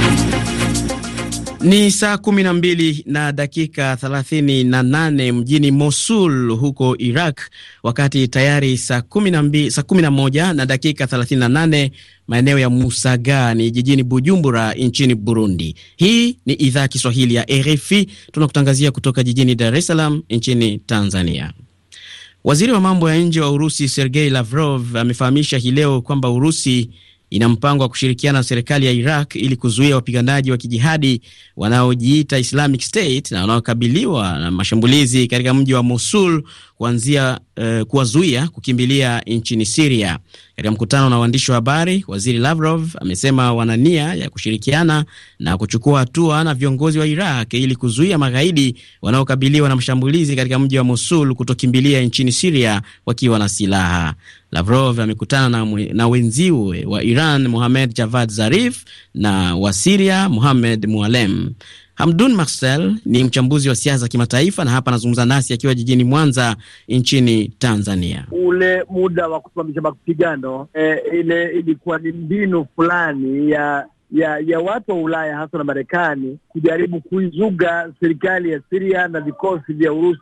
Ni saa kumi na mbili na dakika thelathini na nane mjini Mosul huko Iraq, wakati tayari saa kumi na mbili, saa kumi na moja na dakika thelathini na nane maeneo ya Musaga ni jijini Bujumbura nchini Burundi. Hii ni idhaa Kiswahili ya RFI, tunakutangazia kutoka jijini Dar es Salaam nchini Tanzania. Waziri wa mambo ya nje wa Urusi Sergei Lavrov amefahamisha hii leo kwamba Urusi ina mpango wa kushirikiana na serikali ya Iraq ili kuzuia wapiganaji wa kijihadi wanaojiita Islamic State na wanaokabiliwa na mashambulizi katika mji wa Mosul kuanzia eh, kuwazuia kukimbilia nchini Siria. Katika mkutano na waandishi wa habari, waziri Lavrov amesema wana nia ya kushirikiana na kuchukua hatua na viongozi wa Iraq ili kuzuia magaidi wanaokabiliwa na mashambulizi katika mji wa Mosul kutokimbilia nchini Siria wakiwa na silaha. Lavrov amekutana na, na wenziwe wa Iran Mohamed Javad Zarif na wa Siria Mohamed Mualem. Hamdun Marcel ni mchambuzi wa siasa za kimataifa na hapa anazungumza nasi akiwa jijini Mwanza nchini Tanzania. Ule muda wa kusimamisha mapigano e, ile ilikuwa ni mbinu fulani ya ya ya watu wa Ulaya hasa na Marekani kujaribu kuizuga serikali ya siria na vikosi vya Urusi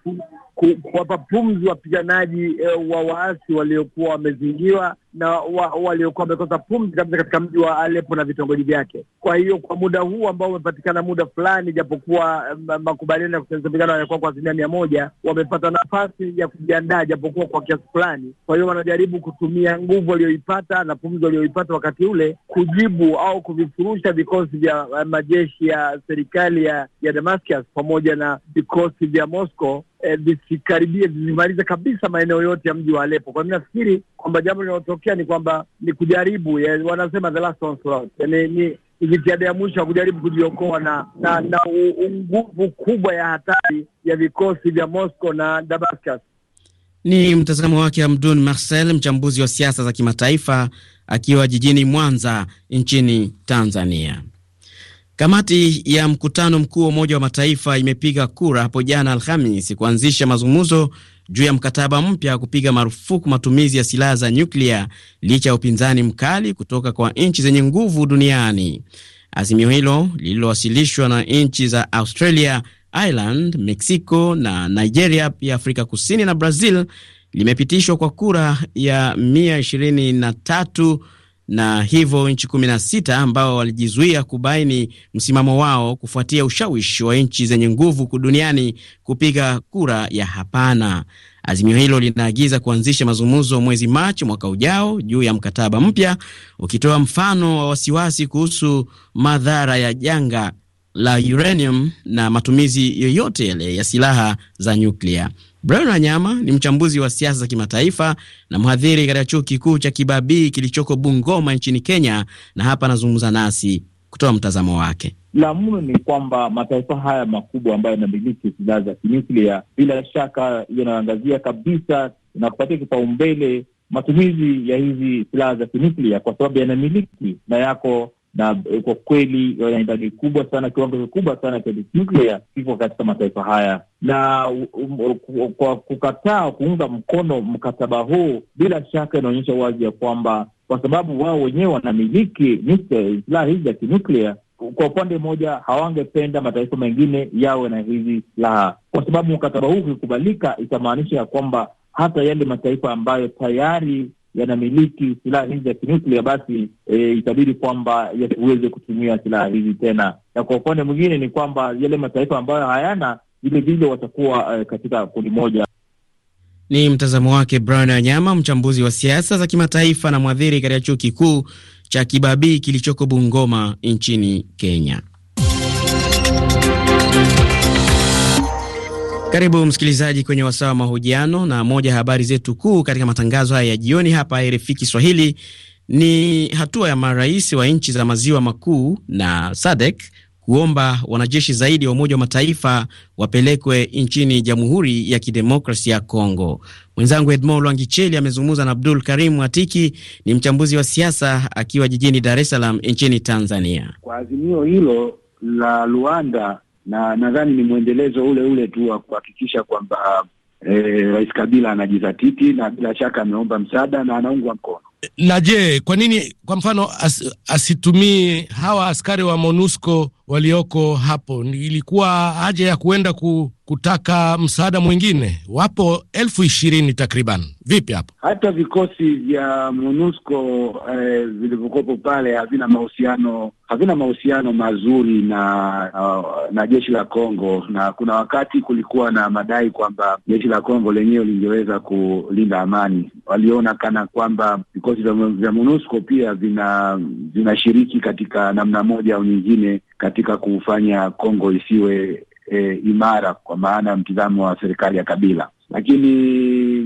kuwapa pumzi wapiganaji eh, wa waasi waliokuwa wamezingiwa na wa, waliokuwa wamekosa pumzi kabisa katika mji wa alepo na vitongoji vyake. Kwa hiyo kwa muda huu ambao umepatikana muda fulani, japokuwa eh, makubaliano ya kusitisha mapigano yalikuwa kwa asilimia mia moja, wamepata nafasi ya kujiandaa japokuwa kwa kiasi fulani. Kwa hiyo wanajaribu kutumia nguvu walioipata na pumzi walioipata wakati ule kujibu au kuvifurusha vikosi vya eh, majeshi ya serikali ya, ya Damascus pamoja na vikosi vya Moscow eh, visikaribie visimalize kabisa maeneo yote ya mji wa Aleppo. Kwa nafikiri kwamba jambo linalotokea ni kwamba ni kujaribu ya, wanasema the last onslaught, yani, ni jitihada ya mwisho ya kujaribu kujiokoa na na, na nguvu kubwa ya hatari ya vikosi vya Moscow na Damascus. Ni mtazamo wake amdun Marcel, mchambuzi wa siasa za kimataifa akiwa jijini Mwanza nchini Tanzania. Kamati ya mkutano mkuu wa Umoja wa Mataifa imepiga kura hapo jana alhamis kuanzisha mazungumzo juu ya mkataba mpya wa kupiga marufuku matumizi ya silaha za nyuklia licha ya upinzani mkali kutoka kwa nchi zenye nguvu duniani. Azimio hilo lililowasilishwa na nchi za Australia, Ireland, Mexico na Nigeria, pia Afrika Kusini na Brazil limepitishwa kwa kura ya 123 na hivyo nchi kumi na sita ambao walijizuia kubaini msimamo wao kufuatia ushawishi wa nchi zenye nguvu duniani kupiga kura ya hapana. Azimio hilo linaagiza kuanzisha mazungumzo mwezi Machi mwaka ujao juu ya mkataba mpya, ukitoa mfano wa wasiwasi kuhusu madhara ya janga la uranium na matumizi yoyote yale ya silaha za nyuklia. Brian Wanyama ni mchambuzi wa siasa za kimataifa na mhadhiri katika chuo kikuu cha Kibabii kilichoko Bungoma nchini Kenya, na hapa anazungumza nasi kutoa mtazamo wake. La muhimu ni kwamba mataifa haya makubwa ambayo yanamiliki silaha za kinyuklia, bila shaka yanaangazia kabisa na kupatia kipaumbele matumizi ya hizi silaha za kinyuklia, kwa sababu yanamiliki na yako na eh, kwa kweli wana eh, idadi kubwa sana, kiwango kikubwa sana cha nuclear kiko katika mataifa haya, na kwa kukataa kuunga mkono mkataba huu, bila shaka inaonyesha wazi ya kwamba kwa sababu wao wenyewe wanamiliki silaha hizi za kinuklia, kwa upande mmoja hawangependa mataifa mengine yawe na hizi silaha, kwa sababu mkataba huu ukikubalika, itamaanisha ya kwamba hata yale mataifa ambayo tayari yanamiliki silaha hizi za kinuklia, basi e, itabidi kwamba yasiweze kutumia silaha hizi tena. Na kwa upande mwingine ni kwamba yale mataifa ambayo hayana vilevile watakuwa e, katika kundi moja. Ni mtazamo wake Brian Anyama, mchambuzi wa siasa za kimataifa na mwadhiri katika chuo kikuu cha Kibabii kilichoko Bungoma nchini Kenya. Karibu msikilizaji kwenye wasaa wa mahojiano, na moja ya habari zetu kuu katika matangazo haya ya jioni hapa RFI Kiswahili ni hatua ya marais wa nchi za maziwa makuu na SADC kuomba wanajeshi zaidi wa Umoja wa Mataifa wapelekwe nchini Jamhuri ya Kidemokrasia ya Kongo. Mwenzangu Edmond Lwangicheli amezungumza na Abdul Karim Atiki, ni mchambuzi wa siasa akiwa jijini Dar es Salaam nchini Tanzania. Kwa azimio hilo la Luanda na nadhani ni mwendelezo ule ule tu wa kuhakikisha kwamba eh, Rais Kabila anajizatiti na bila shaka ameomba msaada na anaungwa mkono. Na je, kwa nini kwa mfano as, asitumii hawa askari wa MONUSCO walioko hapo. Ilikuwa haja ya kuenda ku, kutaka msaada mwingine. Wapo elfu ishirini takriban. Vipi hapo? Hata vikosi vya MONUSCO eh, vilivyokopo pale havina mahusiano havina mahusiano mazuri na uh, na jeshi la Kongo, na kuna wakati kulikuwa na madai kwamba jeshi la Kongo lenyewe lingeweza kulinda amani. Waliona kana kwamba vikosi vya MONUSCO pia vina vinashiriki katika namna moja au nyingine katika kufanya Kongo isiwe e, imara kwa maana ya mtizamo wa serikali ya Kabila. Lakini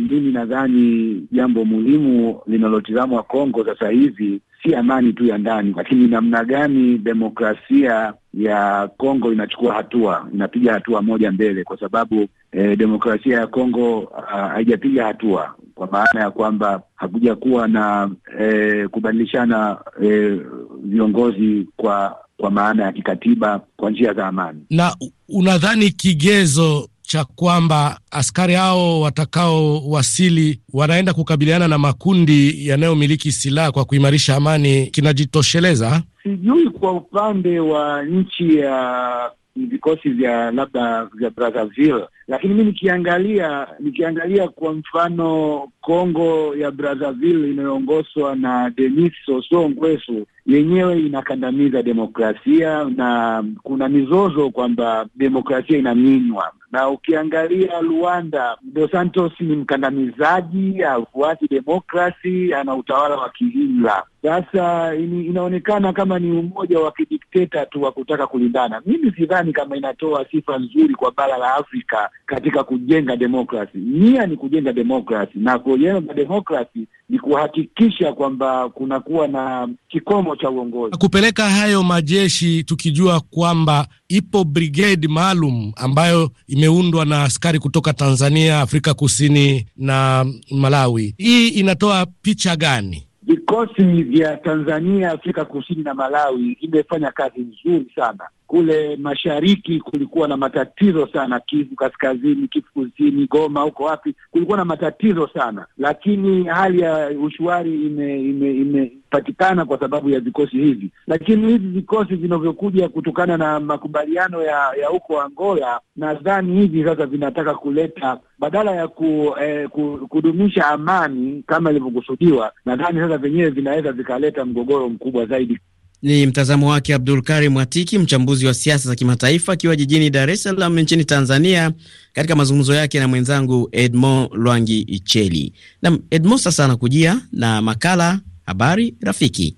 mimi nadhani jambo muhimu linalotizamwa Kongo sasa hivi si amani tu ya ndani, lakini namna gani demokrasia ya Kongo inachukua hatua, inapiga hatua moja mbele, kwa sababu e, demokrasia ya Kongo ah, haijapiga hatua, kwa maana ya kwamba hakuja kuwa na e, kubadilishana e, viongozi kwa kwa maana ya kikatiba kwa njia za amani. Na unadhani kigezo cha kwamba askari hao watakaowasili wanaenda kukabiliana na makundi yanayomiliki silaha kwa kuimarisha amani kinajitosheleza? Sijui kwa upande wa nchi ya vikosi vya labda vya Brazzaville, lakini mi nikiangalia nikiangalia kwa mfano Kongo ya Brazzaville inayoongozwa na Denis Sassou Nguesso yenyewe inakandamiza demokrasia na kuna mizozo kwamba demokrasia inaminywa. Na ukiangalia Rwanda, Dos Santos ni mkandamizaji, hafuati demokrasi, ana utawala wa kiimla. Sasa ini, inaonekana kama ni umoja wa kidikteta tu wa kutaka kulindana. Mimi sidhani kama inatoa sifa nzuri kwa bara la Afrika katika kujenga demokrasi. Nia ni kujenga demokrasi, na kujenga demokrasi ni kuhakikisha kwamba kunakuwa na kikomo cha uongozi kupeleka hayo majeshi, tukijua kwamba ipo brigade maalum ambayo imeundwa na askari kutoka Tanzania, Afrika Kusini na Malawi. Hii inatoa picha gani? Vikosi vya Tanzania, Afrika Kusini na Malawi imefanya kazi nzuri sana kule mashariki kulikuwa na matatizo sana, Kivu kaskazini, Kivu kusini, Goma, huko wapi kulikuwa na matatizo sana, lakini hali ya ushuari imepatikana ime, ime kwa sababu ya vikosi hivi. Lakini hivi vikosi vinavyokuja kutokana na makubaliano ya huko Angola, nadhani hivi sasa vinataka kuleta badala ya ku, eh, ku, kudumisha amani kama ilivyokusudiwa, nadhani sasa vyenyewe vinaweza vikaleta mgogoro mkubwa zaidi. Ni mtazamo wake Abdul Karim mwatiki mchambuzi wa siasa za kimataifa, akiwa jijini Dar es Salaam nchini Tanzania, katika mazungumzo yake na mwenzangu Edmond Lwangi Icheli. Nam Edmond, sasa anakujia na makala Habari Rafiki.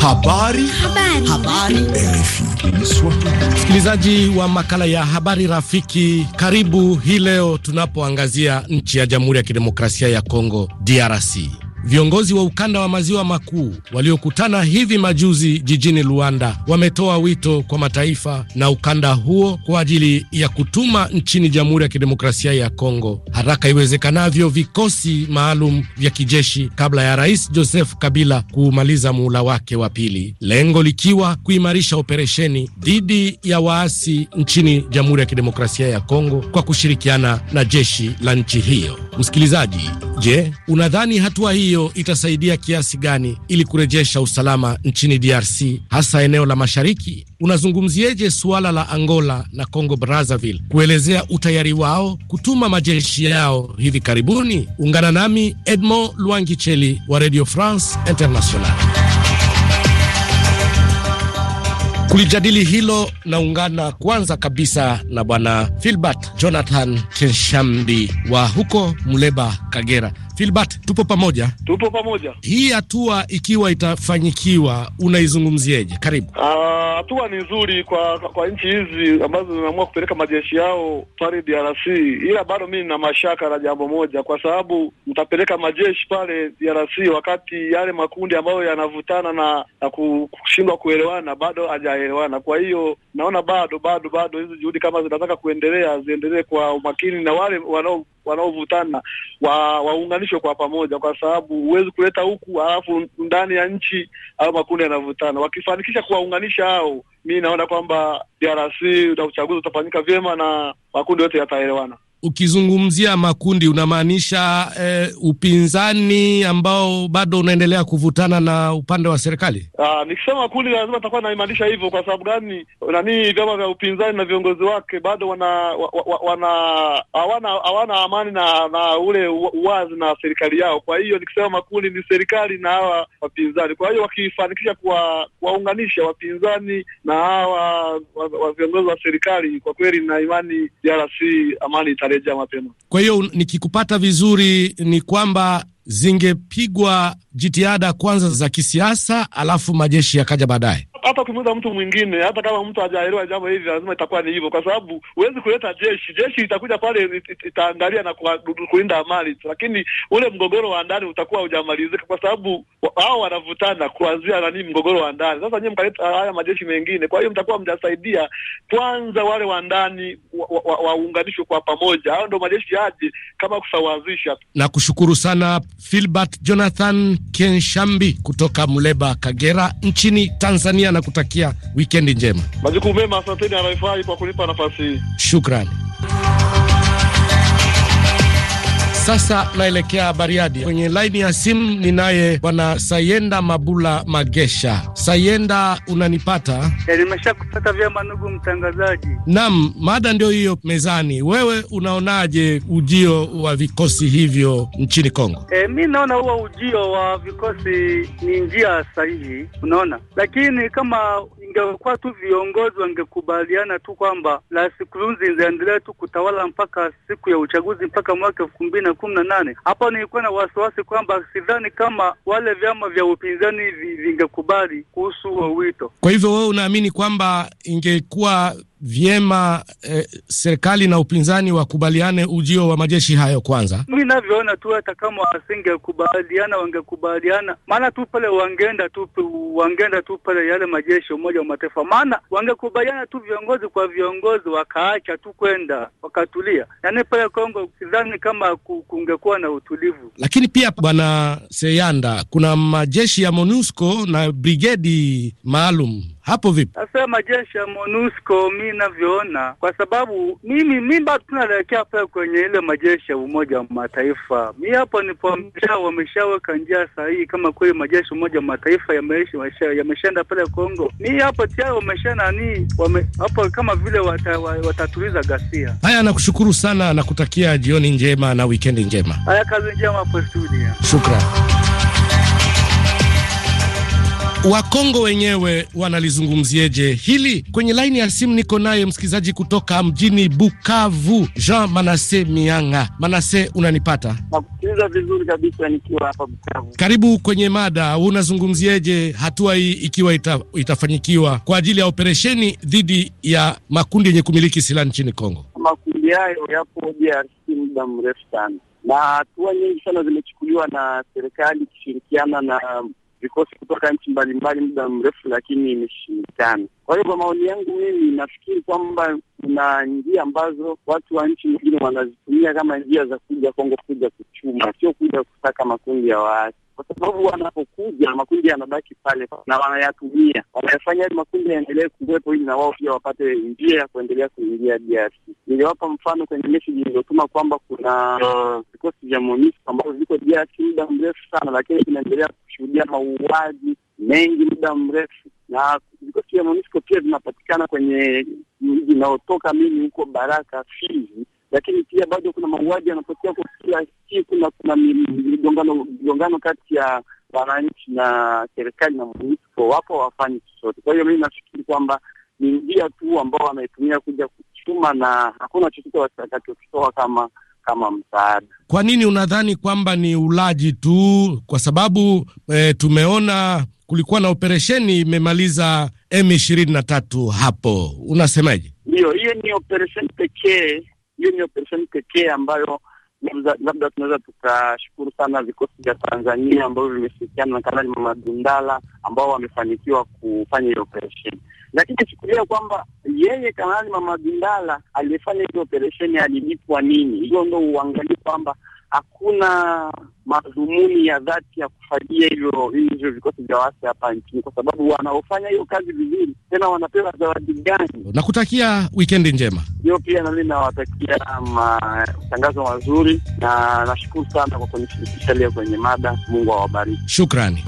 Habari. Habari. Habari. Msikilizaji wa makala ya habari rafiki, karibu hii leo tunapoangazia nchi ya Jamhuri ya Kidemokrasia ya Kongo DRC. Viongozi wa ukanda wa maziwa makuu waliokutana hivi majuzi jijini Luanda wametoa wito kwa mataifa na ukanda huo kwa ajili ya kutuma nchini Jamhuri ya Kidemokrasia ya Kongo haraka iwezekanavyo vikosi maalum vya kijeshi kabla ya Rais Joseph Kabila kuumaliza muhula wake wa pili, lengo likiwa kuimarisha operesheni dhidi ya waasi nchini Jamhuri ya Kidemokrasia ya Kongo kwa kushirikiana na jeshi la nchi hiyo. Msikilizaji, je, unadhani hatua hii hiyo itasaidia kiasi gani ili kurejesha usalama nchini DRC hasa eneo la mashariki? Unazungumzieje suala la Angola na Congo Brazzaville kuelezea utayari wao kutuma majeshi yao hivi karibuni? Ungana nami Edmond Luangicheli wa Radio France International. kulijadili hilo naungana kwanza kabisa na Bwana Filbert Jonathan Kenshambi wa huko Muleba, Kagera. Filbert, tupo pamoja, tupo pamoja. Hii hatua ikiwa itafanyikiwa, unaizungumzieje? Karibu. Ah, hatua ni nzuri kwa kwa nchi hizi ambazo zimeamua kupeleka majeshi yao pale DRC, ila bado mimi nina mashaka na jambo moja, kwa sababu mtapeleka majeshi pale DRC wakati yale makundi ambayo yanavutana na, na kushindwa kuelewana bado hajaelewana. Kwa hiyo naona bado bado bado hizo juhudi kama zinataka kuendelea ziendelee kwa umakini na wale wanao wanaovutana wa, waunganishwe kwa pamoja, kwa sababu huwezi kuleta huku halafu ndani ya nchi au makundi yanavutana. Wakifanikisha kuwaunganisha hao, mi naona kwamba DRC na uchaguzi utafanyika vyema na makundi yote yataelewana ukizungumzia makundi unamaanisha eh, upinzani ambao bado unaendelea kuvutana na upande wa serikali? Ah, nikisema makundi lazima takuwa naimaanisha hivyo. Kwa sababu gani? Nani, vyama vya upinzani na viongozi wake bado wana wa, hawana hawana amani na na ule uwazi na serikali yao. Kwa hiyo nikisema makundi ni serikali na hawa wapinzani. Kwa hiyo wakifanikisha kuwaunganisha wapinzani na hawa wa, wa viongozi wa serikali, kwa kweli na imani DRC amani itali tukarejea mapema. Kwa hiyo nikikupata vizuri, ni kwamba zingepigwa jitihada kwanza za kisiasa, alafu majeshi yakaja baadaye hata ukimuuza mtu mwingine, hata kama mtu hajaelewa jambo hili, lazima itakuwa ni hivyo, kwa sababu huwezi kuleta jeshi. Jeshi itakuja pale, itaangalia na kulinda amani, lakini ule mgogoro wa ndani utakuwa hujamalizika, kwa sababu hao wanavutana kuanzia nani, mgogoro wa ndani. Sasa nyinyi mkaleta haya majeshi mengine, kwa hiyo mtakuwa mjasaidia kwanza wale wa ndani waunganishwe wa, wa kwa pamoja, hao ndio majeshi yaje kama kusawazisha. Nakushukuru sana Philbert Jonathan Kenshambi kutoka Muleba, Kagera nchini Tanzania na kutakia wikendi njema. Majukumu mema, asanteni RFI kwa kunipa nafasi hii. Shukrani. Sasa naelekea Bariadi. Kwenye laini ya simu ninaye Bwana Sayenda Mabula Magesha. Sayenda, unanipata? nimesha nimeshakupata vyema ndugu mtangazaji. Naam, mada ndio hiyo mezani. Wewe unaonaje ujio wa vikosi hivyo nchini Kongo? E, mi naona huwa ujio wa vikosi ni njia sahihi, unaona, lakini kama ingekuwa tu viongozi wangekubaliana tu kwamba la siku nzi ziendelee tu kutawala mpaka siku ya uchaguzi mpaka mwaka elfu mbili na na kumi na nane. Hapa nilikuwa na wasiwasi kwamba sidhani kama wale vyama vya upinzani vingekubali kuhusu huo wito. Kwa hivyo wewe unaamini kwamba ingekuwa vyema eh, serikali na upinzani wakubaliane ujio wa majeshi hayo kwanza? Mimi navyoona tu, hata kama wasingekubaliana wangekubaliana, maana tu pale wangeenda tu wangeenda tu pale yale majeshi Umoja wa Mataifa, maana wangekubaliana tu viongozi kwa viongozi, wakaacha tu kwenda wakatulia, yaani pale Kongo sidhani kama kungekuwa na utulivu. Lakini pia bwana Seyanda, kuna majeshi ya MONUSCO na brigedi maalum hapo vipi? Sasa majeshi ya MONUSCO mi navyoona, kwa sababu mimi mi bado tunaelekea pale kwenye ile majeshi ya Umoja wa Mataifa. Mi hapo nipoambia wameshaweka njia sahihi, kama kweli majeshi Umoja wa Mataifa yameshaenda pale Kongo, mi hapo tayari wamesha nani wame, hapo kama vile wata, watatuliza ghasia. Haya, nakushukuru sana, nakutakia jioni njema na wikendi njema. Haya, kazi njema hapo studio, shukran. Wakongo wenyewe wanalizungumzieje hili? Kwenye laini ya simu niko naye msikilizaji kutoka mjini Bukavu, Jean Manase Mianga. Manase, unanipata? Nakusikiliza vizuri kabisa nikiwa hapa Bukavu. Karibu kwenye mada. Unazungumzieje hatua hii ikiwa ita, itafanyikiwa kwa ajili ya operesheni dhidi ya makundi yenye kumiliki silaha nchini Kongo? Makundi hayo yapo DRC muda mrefu sana na hatua nyingi sana zimechukuliwa na serikali ikishirikiana na vikosi kutoka nchi mbalimbali muda mrefu, lakini imeshindikana. Kwa hiyo kwa maoni yangu mimi nafikiri kwamba kuna njia ambazo watu wa nchi nyingine wanazitumia kama njia za kuja Kongo kuja kuchuma, sio kuja kusaka makundi ya waasi kwa sababu wanapokuja makundi yanabaki pale na wanayatumia, wanayafanya makundi yaendelee kuwepo ili na wao pia wapate njia ya kuendelea kuingia DRC. Niliwapa mfano kwenye meseji iliyotuma kwamba kuna uh, vikosi vya MONUSCO ambavyo viko DRC muda mrefu sana, lakini vinaendelea kushuhudia mauaji mengi muda mrefu, na vikosi vya MONUSCO pia vinapatikana kwenye mji unaotoka mimi huko Baraka, Fizi lakini pia bado kuna mauaji yanatokea kwa kila siku na kuna migongano kati ya wananchi na serikali na munisiko, wapo wafanyi chochote. Kwa hiyo mimi nafikiri kwamba ni njia tu ambao wanaitumia kuja kuchuma na hakuna chochote watakachokitoa kama kama msaada. Kwa nini unadhani kwamba ni ulaji tu? Kwa sababu e, tumeona kulikuwa na operesheni imemaliza M ishirini na tatu hapo, unasemaje? Ndio, hiyo ni operesheni pekee hiyo ni operesheni pekee ambayo labda tunaweza tukashukuru sana vikosi vya Tanzania ambavyo vimeshirikiana na Kanali Mama Dundala ambao wamefanikiwa kufanya hiyo operesheni. Lakini chukulia kwamba yeye Kanali Mama Dundala aliyefanya hiyo operesheni alilipwa nini? Hiyo ndio uangalie kwamba hakuna madhumuni ya dhati ya kufadia hivyo hivyo vikosi vya wasi hapa nchini, kwa sababu wanaofanya hiyo kazi vizuri tena wanapewa zawadi gani? Nakutakia wikendi njema. Hiyo pia nami nawatakia matangazo mazuri, na nashukuru sana kwa kunishirikisha leo kwenye mada. Mungu awabariki, shukrani.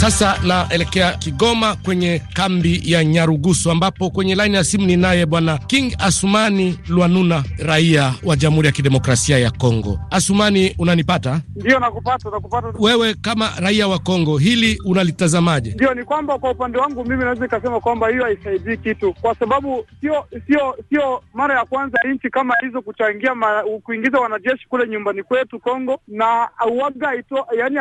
Sasa naelekea Kigoma kwenye kambi ya Nyarugusu, ambapo kwenye laini ya simu ninaye bwana King Asumani Lwanuna, raia wa Jamhuri ya Kidemokrasia ya Kongo. Asumani, unanipata? Ndio, nakupata, nakupata. Wewe kama raia wa Kongo, hili unalitazamaje? Ndio, ni kwamba kwa upande wangu mimi naweza nikasema kwamba hiyo haisaidii kitu, kwa sababu sio sio sio mara ya kwanza nchi kama hizo kuchangia kuingiza wanajeshi kule nyumbani kwetu Kongo, na waga ito, yani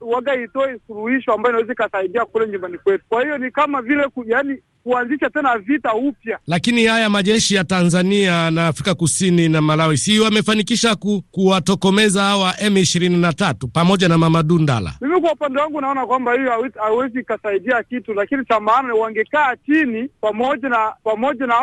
waga itoe suluhisho ambayo ambayo inaweza ikasaidia kule nyumbani kwetu. Kwa hiyo ni kama vile ku, yani kuanzisha tena vita upya. Lakini haya majeshi ya Tanzania na Afrika Kusini na Malawi si wamefanikisha ku, kuwatokomeza hawa M23 pamoja na Mamadu Ndala. Mimi kwa upande wangu naona kwamba hiyo haiwezi ikasaidia kitu, lakini cha maana wangekaa chini pamoja na pamoja na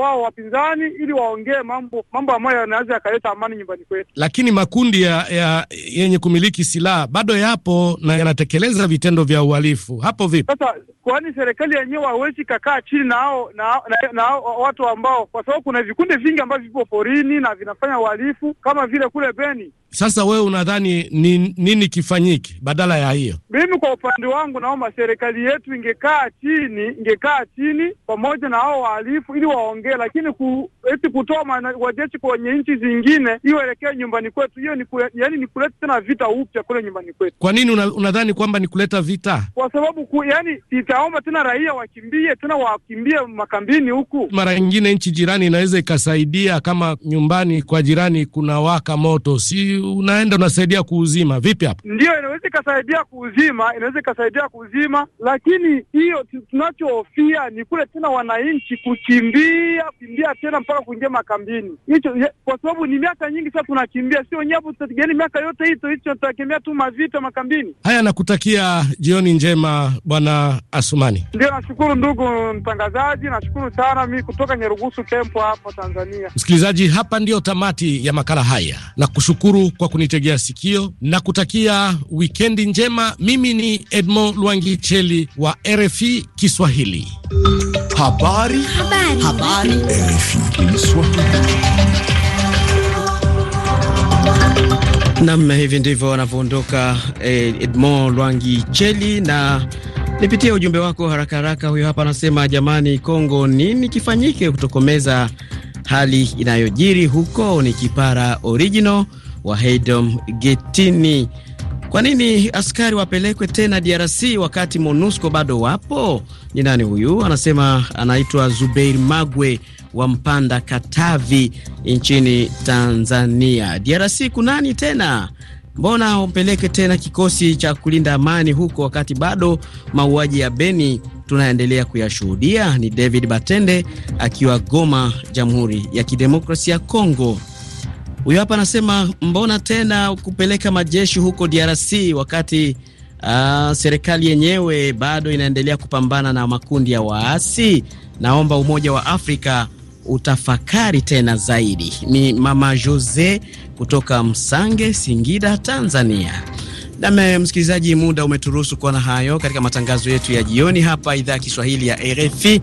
wao wapinzani ili waongee mambo mambo ambayo yanaweza yakaleta amani nyumbani kwetu. Lakini makundi ya, ya yenye kumiliki silaha bado yapo na yanatekeleza vitendo vitendo vya uhalifu. Hapo vipi sasa? Kwani serikali yenyewe hawezi kakaa chini na hao na, na, na watu ambao, kwa sababu kuna vikundi vingi ambavyo vipo porini na vinafanya uhalifu kama vile kule Beni sasa wewe unadhani ni nini kifanyike badala ya hiyo? Mimi kwa upande wangu naomba serikali yetu ingekaa chini, ingekaa chini pamoja na hao wahalifu ili waongee, lakini ku, eti kutoa wajeshi kwenye nchi zingine iwaelekee nyumbani kwetu, hiyo ni yaani ni kuleta tena vita upya kule nyumbani kwetu. Kwa nini una, unadhani kwamba ni kuleta vita? Kwa sababu ku, yani itaomba tena raia wakimbie tena wakimbie makambini huku. Mara nyingine nchi jirani inaweza ikasaidia, kama nyumbani kwa jirani kuna waka moto si unaenda unasaidia kuuzima vipi hapo? Ndio, inaweza ikasaidia kuuzima, inaweza ikasaidia kuuzima, lakini hiyo tunachohofia ni kule tena wananchi kukimbia kimbia tena mpaka kuingia makambini, hicho kwa sababu ni miaka nyingi sasa tunakimbia, sio nyavu, tutapigania miaka yote hiyo hicho, tutakimbia tu mavita makambini. Haya, nakutakia jioni njema Bwana Asumani. Ndio, nashukuru ndugu mtangazaji, nashukuru sana mimi kutoka Nyerugusu Tempo hapo Tanzania. Msikilizaji, hapa ndiyo tamati ya makala haya na kushukuru kwa kunitegea sikio na kutakia wikendi njema. Mimi ni Edmond Lwangicheli wa RFI Kiswahili. Habari. Habari. Habari. RFI Kiswahili. Namna hivi ndivyo wanavyoondoka eh, Edmond Lwangi Cheli. Na nipitie ujumbe wako haraka haraka. Huyo hapa anasema, jamani, Kongo nini kifanyike kutokomeza hali inayojiri huko? Ni kipara original wa Heidom Getini. Kwa nini askari wapelekwe tena DRC wakati MONUSCO bado wapo? Ni nani huyu? Anasema anaitwa Zubeir Magwe wa Mpanda, Katavi, nchini Tanzania. DRC kunani tena? Mbona wampeleke tena kikosi cha kulinda amani huko wakati bado mauaji ya Beni tunaendelea kuyashuhudia? Ni David Batende akiwa Goma, Jamhuri ya Kidemokrasia ya Kongo. Huyo hapa anasema mbona tena kupeleka majeshi huko DRC wakati uh, serikali yenyewe bado inaendelea kupambana na makundi ya waasi. Naomba Umoja wa Afrika utafakari tena zaidi. Ni Mama Jose kutoka Msange, Singida, Tanzania. Nam msikilizaji, muda umeturuhusu kuona hayo katika matangazo yetu ya jioni hapa idhaa ya Kiswahili ya RFI.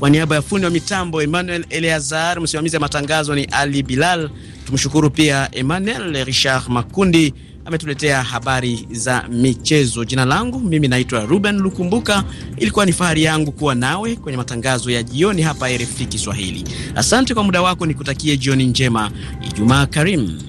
Kwa niaba ya fundi wa mitambo Emmanuel Eleazar, msimamizi wa matangazo ni Ali Bilal. Tumshukuru pia Emmanuel Richard Makundi ametuletea habari za michezo. Jina langu mimi naitwa Ruben Lukumbuka. Ilikuwa ni fahari yangu kuwa nawe kwenye matangazo ya jioni hapa RFI Kiswahili. Asante kwa muda wako, nikutakie jioni njema. Ijumaa karimu.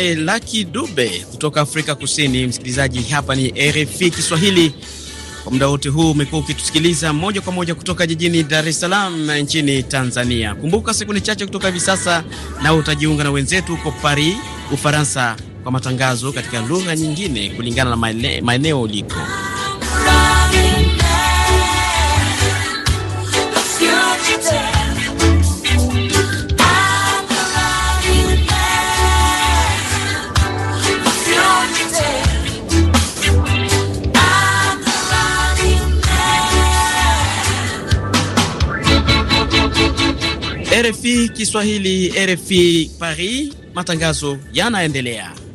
naye Laki Dube kutoka Afrika Kusini. Msikilizaji, hapa ni RFI Kiswahili. Kwa muda wote huu umekuwa ukitusikiliza moja kwa moja kutoka jijini Dar es Salaam nchini Tanzania. Kumbuka, sekunde chache kutoka hivi sasa nao utajiunga na wenzetu huko Paris, Ufaransa, kwa matangazo katika lugha nyingine kulingana na maeneo uliko. RFI Kiswahili, RFI Paris, matangazo yanaendelea.